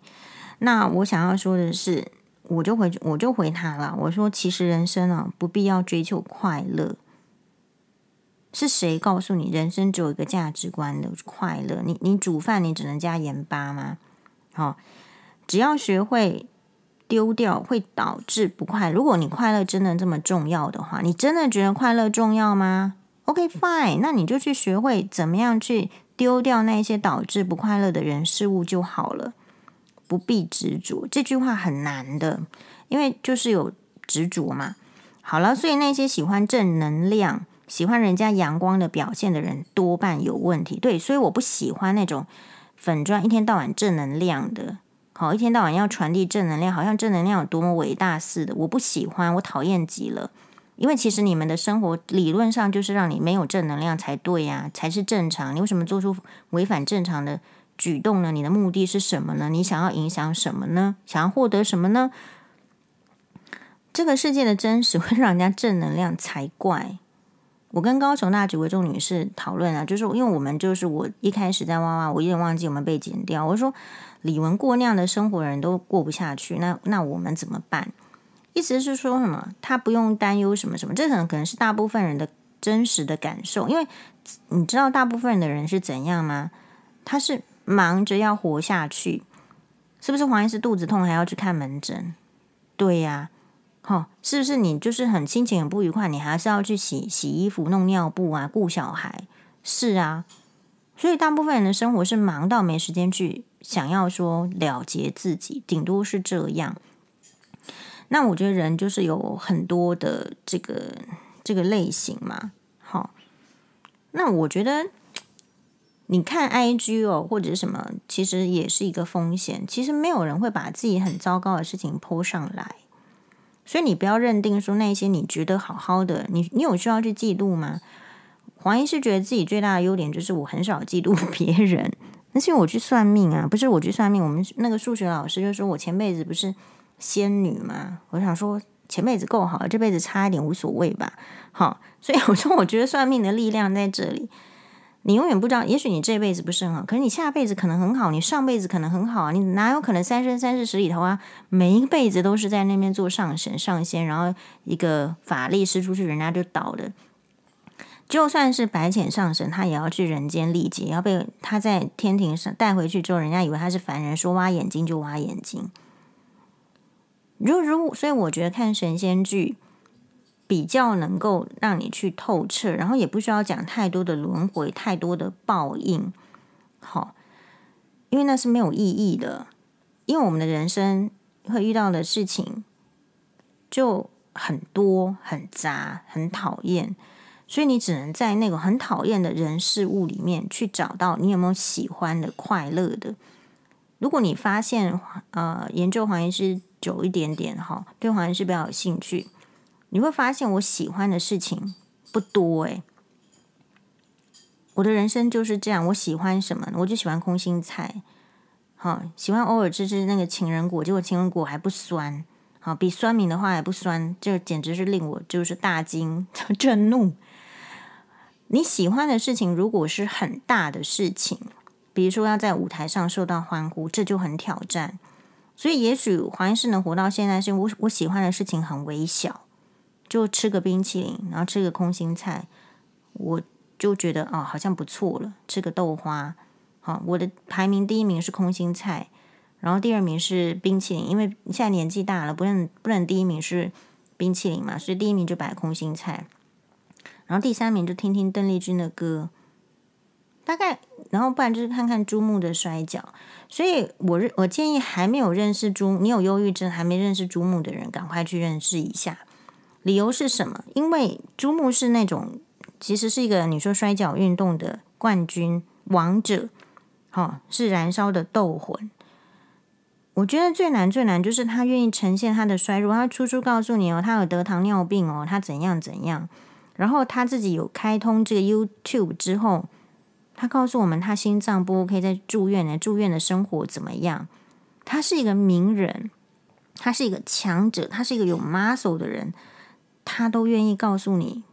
那我想要說的是。我就回我就回他了，我說其實人生啊，不必要追求快樂。是誰告訴你人生只有一個價值觀的快樂？你你煮飯你只能加鹽巴嗎？哦，只要學會丟掉會導致不快樂。如果你快樂真的這麼重要的話，你真的覺得快樂重要嗎？OK fine，那你就去學會怎麼樣去丟掉那些導致不快樂的人事物就好了。不必執着，這句話很難的，因為就是有執着嘛。好了，所以那些喜歡正能量、喜歡人家陽光的表現的人，多半有問題。對，所以我不喜歡那種粉專，一天到晚正能量的，好，一天到晚要傳遞正能量，好像正能量有多麼偉大似的，我不喜歡，我討厭極了。因為其實你們的生活理論上就是讓你沒有正能量才對呀、啊，才是正常。你為什麼做出違反正常的舉動呢？你的目的是什麼呢？你想要影響什麼呢？想要獲得什麼呢？這個世界的真實會讓人家正能量才怪。我跟高雄那幾位眾女士討論啊，就是因為我們就是我一開始在哇哇，我有點忘記我們被剪掉。我說李玟過那樣的生活的人都過不下去，那那我們怎麼辦？意思是說什麼？他不用擔憂什麼什麼？這可能可能是大部分人的真實的感受，因為你知道大部分人的人是怎樣嗎？他是。忙着要活下去，是不是黃醫師肚子痛還要去看門診？對呀、啊，好、哦，是不是你就是很心情很不愉快，你還是要去洗洗衣服、弄尿布啊、顧小孩？是啊，所以大部分人的生活是忙到沒時間去想要說了結自己，頂多是這樣。那我覺得人就是有很多的這個這個類型嘛。好、哦，那我覺得。你看 IG 哦，或者什麼，其實也是一個風險。其實沒有人會把自己很糟糕的事情 po 上來，所以你不要認定說那些你覺得好好的，你你有需要去嫉妒嗎？黃醫師覺得自己最大的優點就是我很少嫉妒別人，那是因為我去算命啊，不是我去算命。我們那個數學老師就說，我前輩子不是仙女嘛，我想說前輩子夠好了，這輩子差一點無所謂吧。好，所以我說我覺得算命的力量在這裡。你永遠不知道，也許你這輩子不是很好，可是你下輩子可能很好，你上輩子可能很好啊，你哪有可能三生三世十里桃花啊？每一個輩子都是在那邊做上神上仙，然後一個法力施出去，人家就倒了。就算是白淺上神，他也要去人間歷劫，要被他在天庭上帶回去之後，人家以為他是凡人，說挖眼睛就挖眼睛。如如所以我覺得看神仙劇。比較能夠讓你去透徹，然後也不需要講太多的輪迴、太多的報應，好，因為那是沒有意義的。因為我們的人生會遇到的事情就很多、很雜、很討厭，所以你只能在那個很討厭的人事物裡面去找到你有沒有喜歡的、快樂的。如果你發現呃研究黃醫師久一點點，哈，對黃醫師比較有興趣。你會發現我喜歡的事情不多誒、欸。我的人生就是這樣。我喜歡什麼呢？我就喜歡空心菜，好喜歡偶爾吃吃那個情人果，結果情人果還不酸，好比酸民的話還不酸，這簡直是令我就是大驚 震怒。你喜歡的事情如果是很大的事情，比如說要在舞台上受到歡呼，這就很挑戰。所以也許黃醫師能活到現在，是我我喜歡的事情很微小。就吃個冰淇淋，然後吃個空心菜，我就覺得哦，好像不錯了。吃個豆花，好，我的排名第一名是空心菜，然後第二名是冰淇淋，因為現在年紀大了，不能不能第一名是冰淇淋嘛，所以第一名就擺空心菜，然後第三名就聽聽鄧麗君的歌，大概，然後不然就是看看豬木的摔角。所以我我建議還沒有認識豬，你有憂鬱症還沒認識豬木的人，趕快去認識一下。理由是什麼？因為豬木是那種，其實是一個你說摔跤運動的冠軍王者，哈、哦，是燃燒的鬥魂。我覺得最難最難就是他願意呈現他的衰弱，他初初告訴你哦，他有得糖尿病哦，他怎樣怎樣。然後他自己有開通這個 YouTube 之後，他告訴我們他心臟不 OK，可以在住院呢，住院的生活怎麼樣？他是一個名人，他是一個強者，他是一個有 muscle 的人。他都願意告訴你，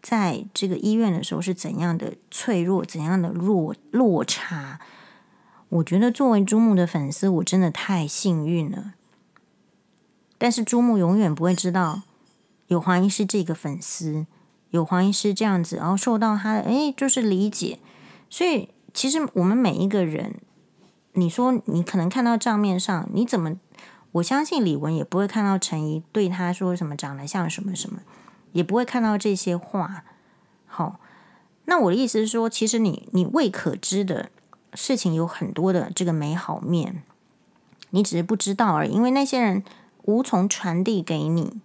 在這個醫院的時候是怎樣的脆弱，怎樣的落落差。我覺得作為朱木的粉絲，我真的太幸運了。但是朱木永遠不會知道，有黃醫師這個粉絲，有黃醫師這樣子，然後受到他的，哎，就是理解。所以其實我們每一個人，你說你可能看到賬面上，你怎麼？我相信李玟也不會看到陳沂對她說什麼長得像什麼什麼，也不會看到這些話。好，那我的意思是說，其實你你未可知的事情有很多的這個美好面，你只是不知道而已，因為那些人無從傳遞給你。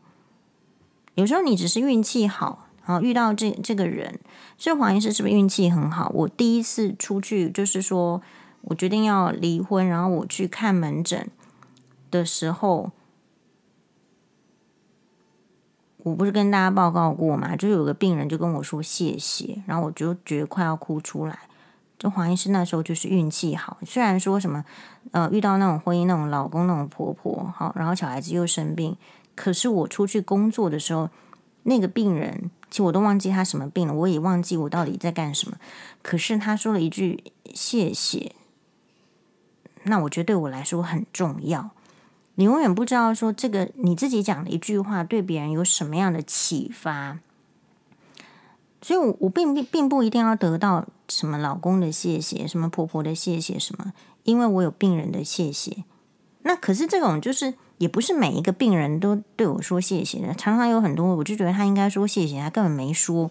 有時候你只是運氣好，然後遇到這這個人。是黃醫師是不是運氣很好？我第一次出去就是說我決定要離婚，然後我去看門診。的時候，我不是跟大家報告過嘛，就有個病人就跟我說謝謝，然後我就覺得快要哭出來。就黃醫師那時候就是運氣好，雖然說什麼呃遇到那種婚姻、那種老公、那種婆婆好，然後小孩子又生病，可是我出去工作的時候，那個病人其實我都忘記他什麼病了，我也忘記我到底在幹什麼。可是他說了一句謝謝，那我覺得對我來說很重要。你永遠不知道說這個你自己講的一句話對別人有什麼樣的啟發，所以我我並並並不一定要得到什麼老公的謝謝，什麼婆婆的謝謝，什麼，因為我有病人的謝謝。那可是這種就是也不是每一個病人都對我說謝謝的，常常有很多我就覺得他應該說謝謝，他根本沒說。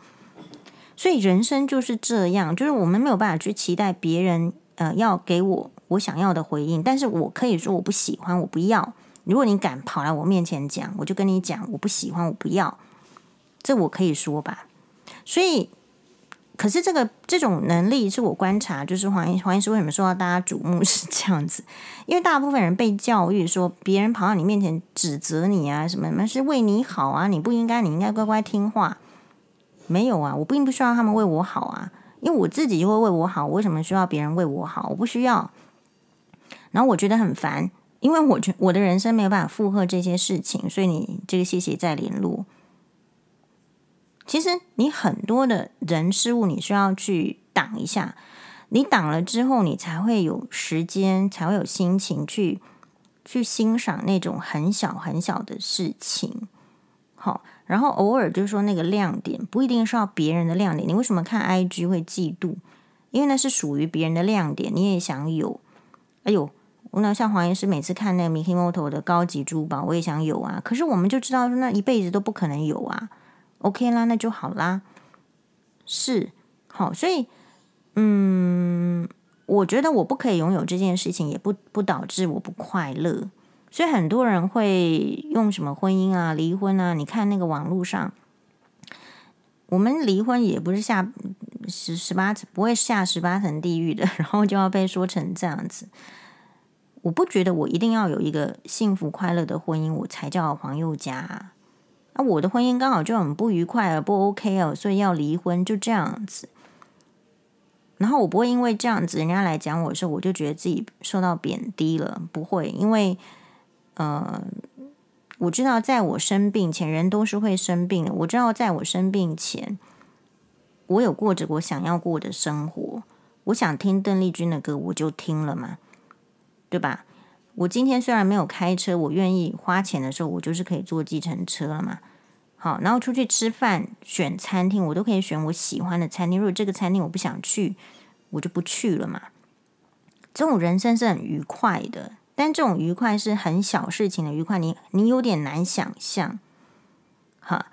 所以人生就是這樣，就是我們沒有辦法去期待別人呃要給我。我想要的回應，但是我可以說我不喜歡，我不要。如果你敢跑來我面前講，我就跟你講，我不喜歡，我不要。這我可以說吧。所以，可是這個這種能力是我觀察，就是黃醫師，黃醫師為什麼受到大家矚目是這樣子？因為大部分人被教育說，別人跑到你面前指責你啊，什麼什麼，是為你好啊，你不應該，你應該乖乖聽話。沒有啊，我並不需要他們為我好啊，因為我自己就會為我好。我為什麼需要別人為我好？我不需要。然後我覺得很煩，因為我覺我的人生沒有辦法負荷這些事情，所以你這個謝謝再聯絡。其實你很多的人事物你需要去擋一下，你擋了之後，你才會有時間，才會有心情去去欣賞那種很小很小的事情。好，然後偶爾就說那個亮點不一定是要別人的亮點，你為什麼看 IG 會嫉妒？因為那是屬於別人的亮點，你也想有。哎呦。我那像黃醫師每次看那個 Mikimoto 的高級珠寶，我也想有啊。可是我們就知道說那一輩子都不可能有啊。OK 啦，那就好啦。是，好，所以，嗯，我覺得我不可以擁有這件事情，也不不導致我不快樂。所以很多人會用什麼婚姻啊、離婚啊，你看那個網絡上，我們離婚也不是下十十八層，不會下十八層地獄的，然後就要被說成這樣子。我不覺得我一定要有一個幸福快樂的婚姻，我才叫黃宥嘉啊！我的婚姻剛好就很不愉快啊，不 OK 哦，所以要離婚就這樣子。然後我不會因為這樣子，人家來講我的時候，我就覺得自己受到貶低了。不會，因為，呃，我知道在我生病前，人都是會生病的。我知道在我生病前，我有過着我想要過的生活。我想聽鄧麗君的歌，我就聽了嘛。對吧？我今天雖然沒有開車，我願意花錢的時候，我就是可以坐計程車了嘛。好，然後出去吃飯，選餐廳，我都可以選我喜歡的餐廳。如果這個餐廳我不想去，我就不去了嘛。這種人生是很愉快的，但這種愉快是很小事情的愉快，你你有點難想象。好，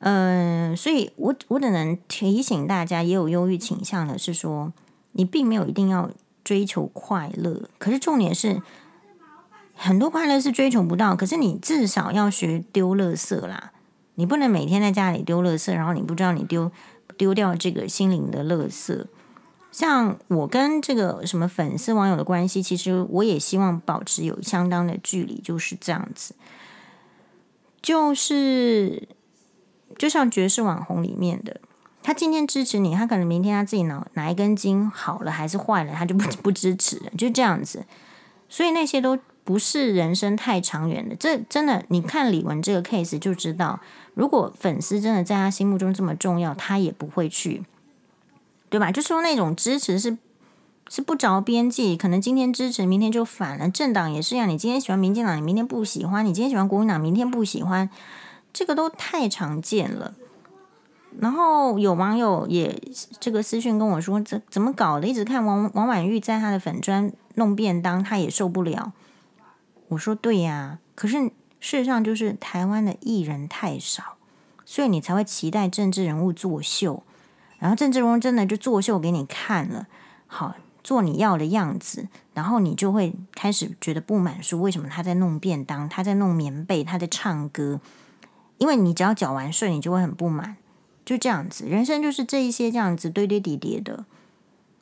嗯，呃，所以我我只能提醒大家，也有憂鬱傾向的，是說你並沒有一定要。追求快樂，可是重點是很多快樂是追求不到。可是你至少要學丟垃圾啦，你不能每天在家裡丟垃圾，然後你不知道你丟丟掉這個心靈的垃圾。像我跟這個什麼粉絲網友的關係，其實我也希望保持有相當的距離，就是這樣子，就是就像爵士網紅裡面的。他今天支持你，他可能明天他自己腦哪一根筋好了還是壞了，他就不不支持了，就這樣子。所以那些都不是人生太長遠的，這真的，你看李玟這個 case 就知道，如果粉絲真的在他心目中這麼重要，他也不會去，對吧？就說那種支持是是不着邊際，可能今天支持，明天就反了。政黨也是一樣，你今天喜歡民進黨，你明天不喜歡；你今天喜歡國民黨，明天不喜歡，這個都太常見了。然後有網友也這個私訊跟我說：“這怎麼搞的？一直看王王婉玉在他的粉專弄便當，他也受不了。”我說：“對呀、啊，可是事實上就是台灣的藝人太少，所以你才會期待政治人物作秀。然後政治人物真的就作秀給你看了，好做你要的樣子，然後你就會開始覺得不滿，說為什麼他在弄便當，他在弄棉被，他在唱歌？因為你只要繳完稅，你就會很不滿。”就這樣子，人生就是這一些這樣子堆堆疊疊的。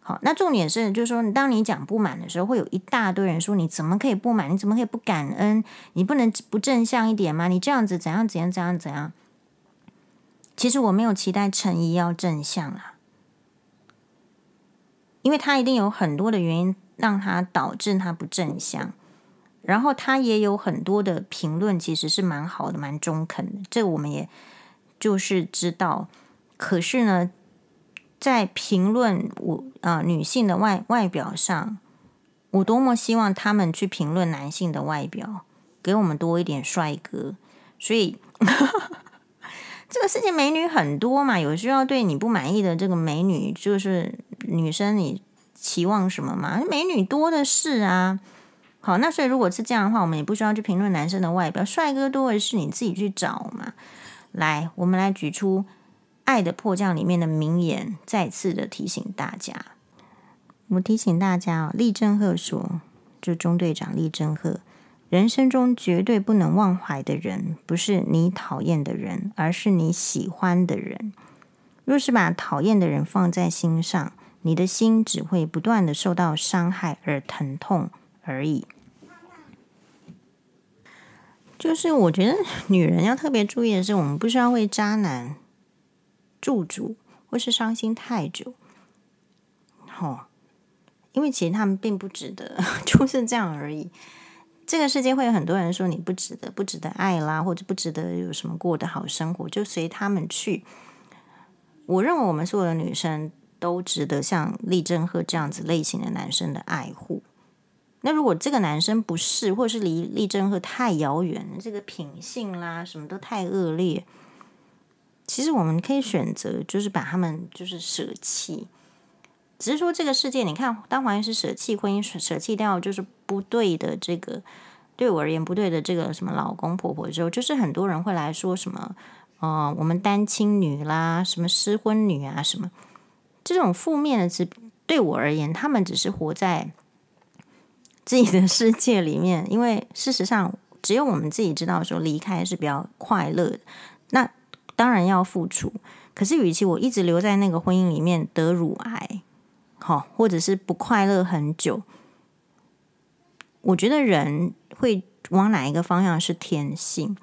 好，那重點是，就是說，當你講不滿的時候，會有一大堆人說：“你怎麼可以不滿？你怎麼可以不感恩？你不能不正向一點嗎？你這樣子怎樣怎樣怎樣怎樣？”其實我沒有期待陳沂要正向啊，因為他一定有很多的原因讓他導致他不正向，然後他也有很多的評論，其實是蠻好的，蠻中肯的。這我們也。就是知道，可是呢，在評論我啊、呃、女性的外外表上，我多麼希望他們去評論男性的外表，給我們多一點帥哥。所以 這個世界美女很多嘛，有需要對你不滿意的這個美女，就是女生你期望什麼嘛？美女多的是啊。好，那所以如果是這樣的話，我們也不需要去評論男生的外表，帥哥多的是，你自己去找嘛。來，我們來舉出《愛的迫降》裡面的名言，再次的提醒大家。我提醒大家哦，李正赫說，就中隊長李正赫，人生中絕對不能忘懷的人，不是你討厭的人，而是你喜歡的人。若是把討厭的人放在心上，你的心只會不斷的受到傷害而疼痛而已。就是我覺得女人要特別注意的是，我們不需要為渣男駐足或是傷心太久。哦，因為其實他們並不值得，就是這樣而已。這個世界會有很多人說你不值得，不值得愛啦，或者不值得有什麼過得好生活，就隨他們去。我認為我們所有的女生都值得像李正赫這樣子類型的男生的愛護。那如果這個男生不是，或是離李真和太遙遠，這個品性啦，什麼都太惡劣，其實我們可以選擇，就是把他們就是捨棄。只是說這個世界，你看，當黃醫是捨棄婚姻，捨棄掉就是不對的這個，對我而言不對的這個什麼老公婆婆之後，就是很多人會來說什麼，呃，我們單親女啦，什麼失婚女啊，什麼這種負面的詞，對我而言，他們只是活在。自己的世界裡面，因為事實上只有我們自己知道，說離開是比較快樂的。那當然要付出，可是與其我一直留在那個婚姻裡面得乳癌，好，或者是不快樂很久，我覺得人會往哪一個方向是天性，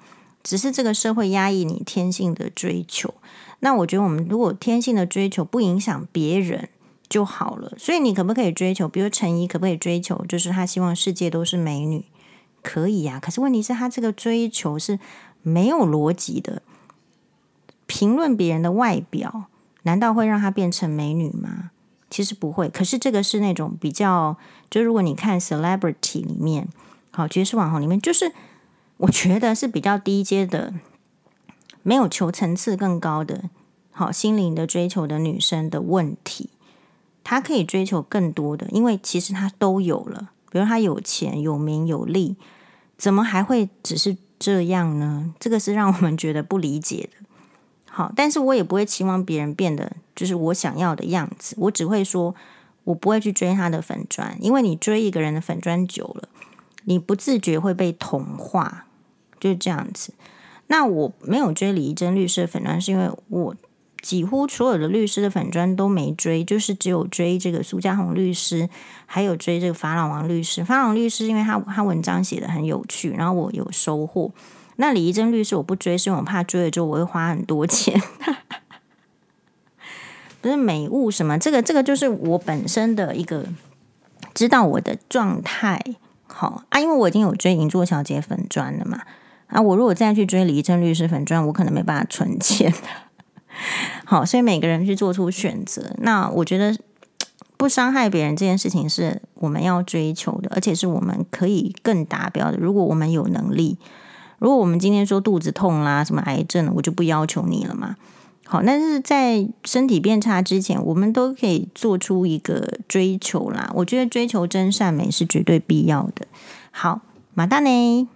只是這個社會壓抑你天性的追求。那我覺得我們如果天性的追求不影響別人。就好了，所以你可不可以追求？比如陳沂可不可以追求？就是他希望世界都是美女，可以啊。可是問題是，他這個追求是沒有邏輯的。評論別人的外表，難道會讓她變成美女嗎？其實不會。可是這個是那種比較，就如果你看 celebrity 裡面，好，爵士網紅裡面，就是我覺得是比較低階的，沒有求層次更高的好心靈的追求的女生的問題。他可以追求更多的，因為其實他都有了，比如他有錢、有名、有利，怎麼還會只是這樣呢？這個是讓我們覺得不理解的。好，但是我也不會期望別人變得就是我想要的樣子，我只會說我不會去追他的粉專，因為你追一個人的粉專久了，你不自覺會被同化，就是這樣子。那我沒有追李怡貞律師的粉專，是因為我。幾乎所有的律師的粉專都沒追，就是只有追這個蘇家宏律師，還有追這個法老王律師。法老王律師，因為他他文章寫得很有趣，然後我有收穫。那李怡貞律師我不追，是因為我怕追了之後我會花很多錢。 不是美物什麼，這個這個就是我本身的一個知道我的狀態。好啊，因為我已經有追銀座小姐粉專了嘛。啊，我如果再去追李怡貞律師粉專，我可能沒辦法存錢。好，所以每個人去做出選擇。那我覺得不傷害別人這件事情是我們要追求的，而且是我們可以更達標的。如果我們有能力，如果我們今天說肚子痛啦、啊、什麼癌症，我就不要求你了嘛。好，但是在身體變差之前，我們都可以做出一個追求啦。我覺得追求真善美是絕對必要的。好，馬大內。